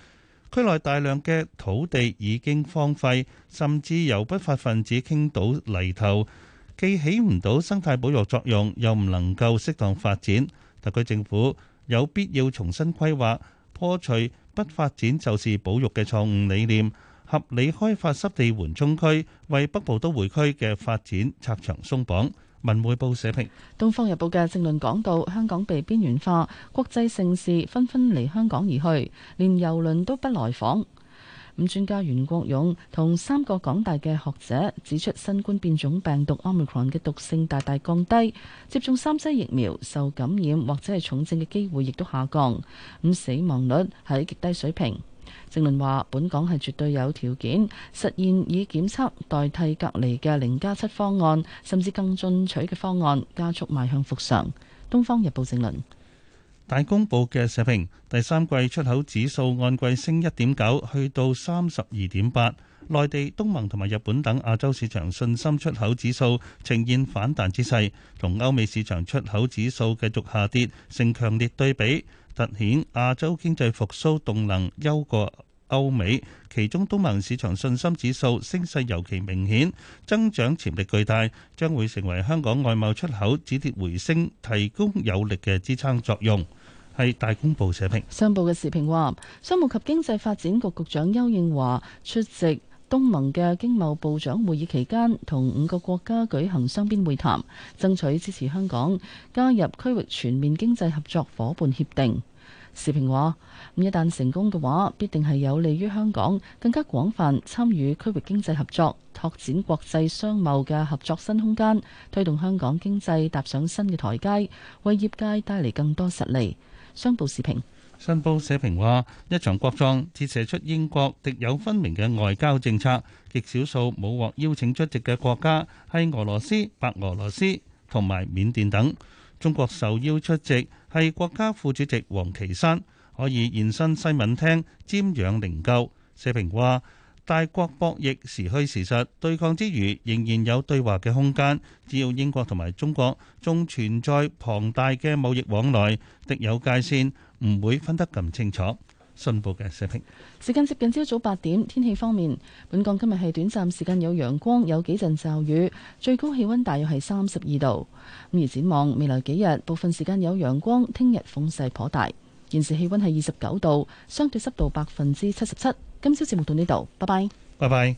區內大量嘅土地已經荒廢，甚至由不法分子傾倒泥頭，既起唔到生態保育作用，又唔能夠適當發展。特區政府有必要重新規劃，破除不發展就是保育嘅錯誤理念，合理開發濕地緩衝區，為北部都會區嘅發展拆牆鬆綁。文匯報社評，《東方日報》嘅政論講到，香港被邊緣化，國際盛事紛紛離香港而去，連郵輪都不來訪。咁專家袁國勇同三個港大嘅學者指出，新冠變種病毒 omicron 嘅毒性大大降低，接種三劑疫苗，受感染或者係重症嘅機會亦都下降，咁死亡率喺極低水平。政論話，本港係絕對有條件實現以檢測代替隔離嘅零加七方案，甚至更進取嘅方案，加速邁向復常。東方日報正論，大公報嘅社評，第三季出口指數按季升一點九，去到三十二點八。內地、東盟同埋日本等亞洲市場信心出口指數呈現反彈之勢，同歐美市場出口指數繼續下跌成強烈對比，凸顯亞洲經濟復蘇動能優過，歐美，其中東盟市場信心指數升勢尤其明顯，增長潛力巨大，將會成為香港外貿出口止跌回升提供有力嘅支撐作用。係大公報社評。商報嘅時評話，商務及經濟發展局局長邱應華出席東盟嘅經貿部長會議期間，同五個國家舉行雙邊會談，爭取支持香港加入區域全面經濟合作伙伴協定。時評話，一旦成功嘅話，必定係有利於香港更加廣泛參與區域經濟合作，拓展國際商貿嘅合作新空間，推動香港經濟踏上新嘅台階，為業界帶嚟更多實利。商報時評，商報社評話，一場國葬折射出英國敵友分明嘅外交政策，極少數冇獲邀請出席嘅國家係俄羅斯、白俄羅斯同埋緬甸等，中國受邀出席。係國家副主席王岐山可以現身西敏廳瞻仰靈柩。社評話：大國博弈時虛時實，對抗之餘仍然有對話嘅空間。只要英國同埋中國仲存在龐大嘅貿易往來，敵友界線唔會分得咁清楚。新聞嘅社評，時間接近朝早八點。天氣方面，本港今日係短暫時間有陽光，有幾陣驟雨，最高氣温大約係三十二度。咁而展望未來幾日，部分時間有陽光。聽日風勢頗大，現時氣温係二十九度，相對濕度百分之七十七。今朝節目到呢度，拜拜，拜拜。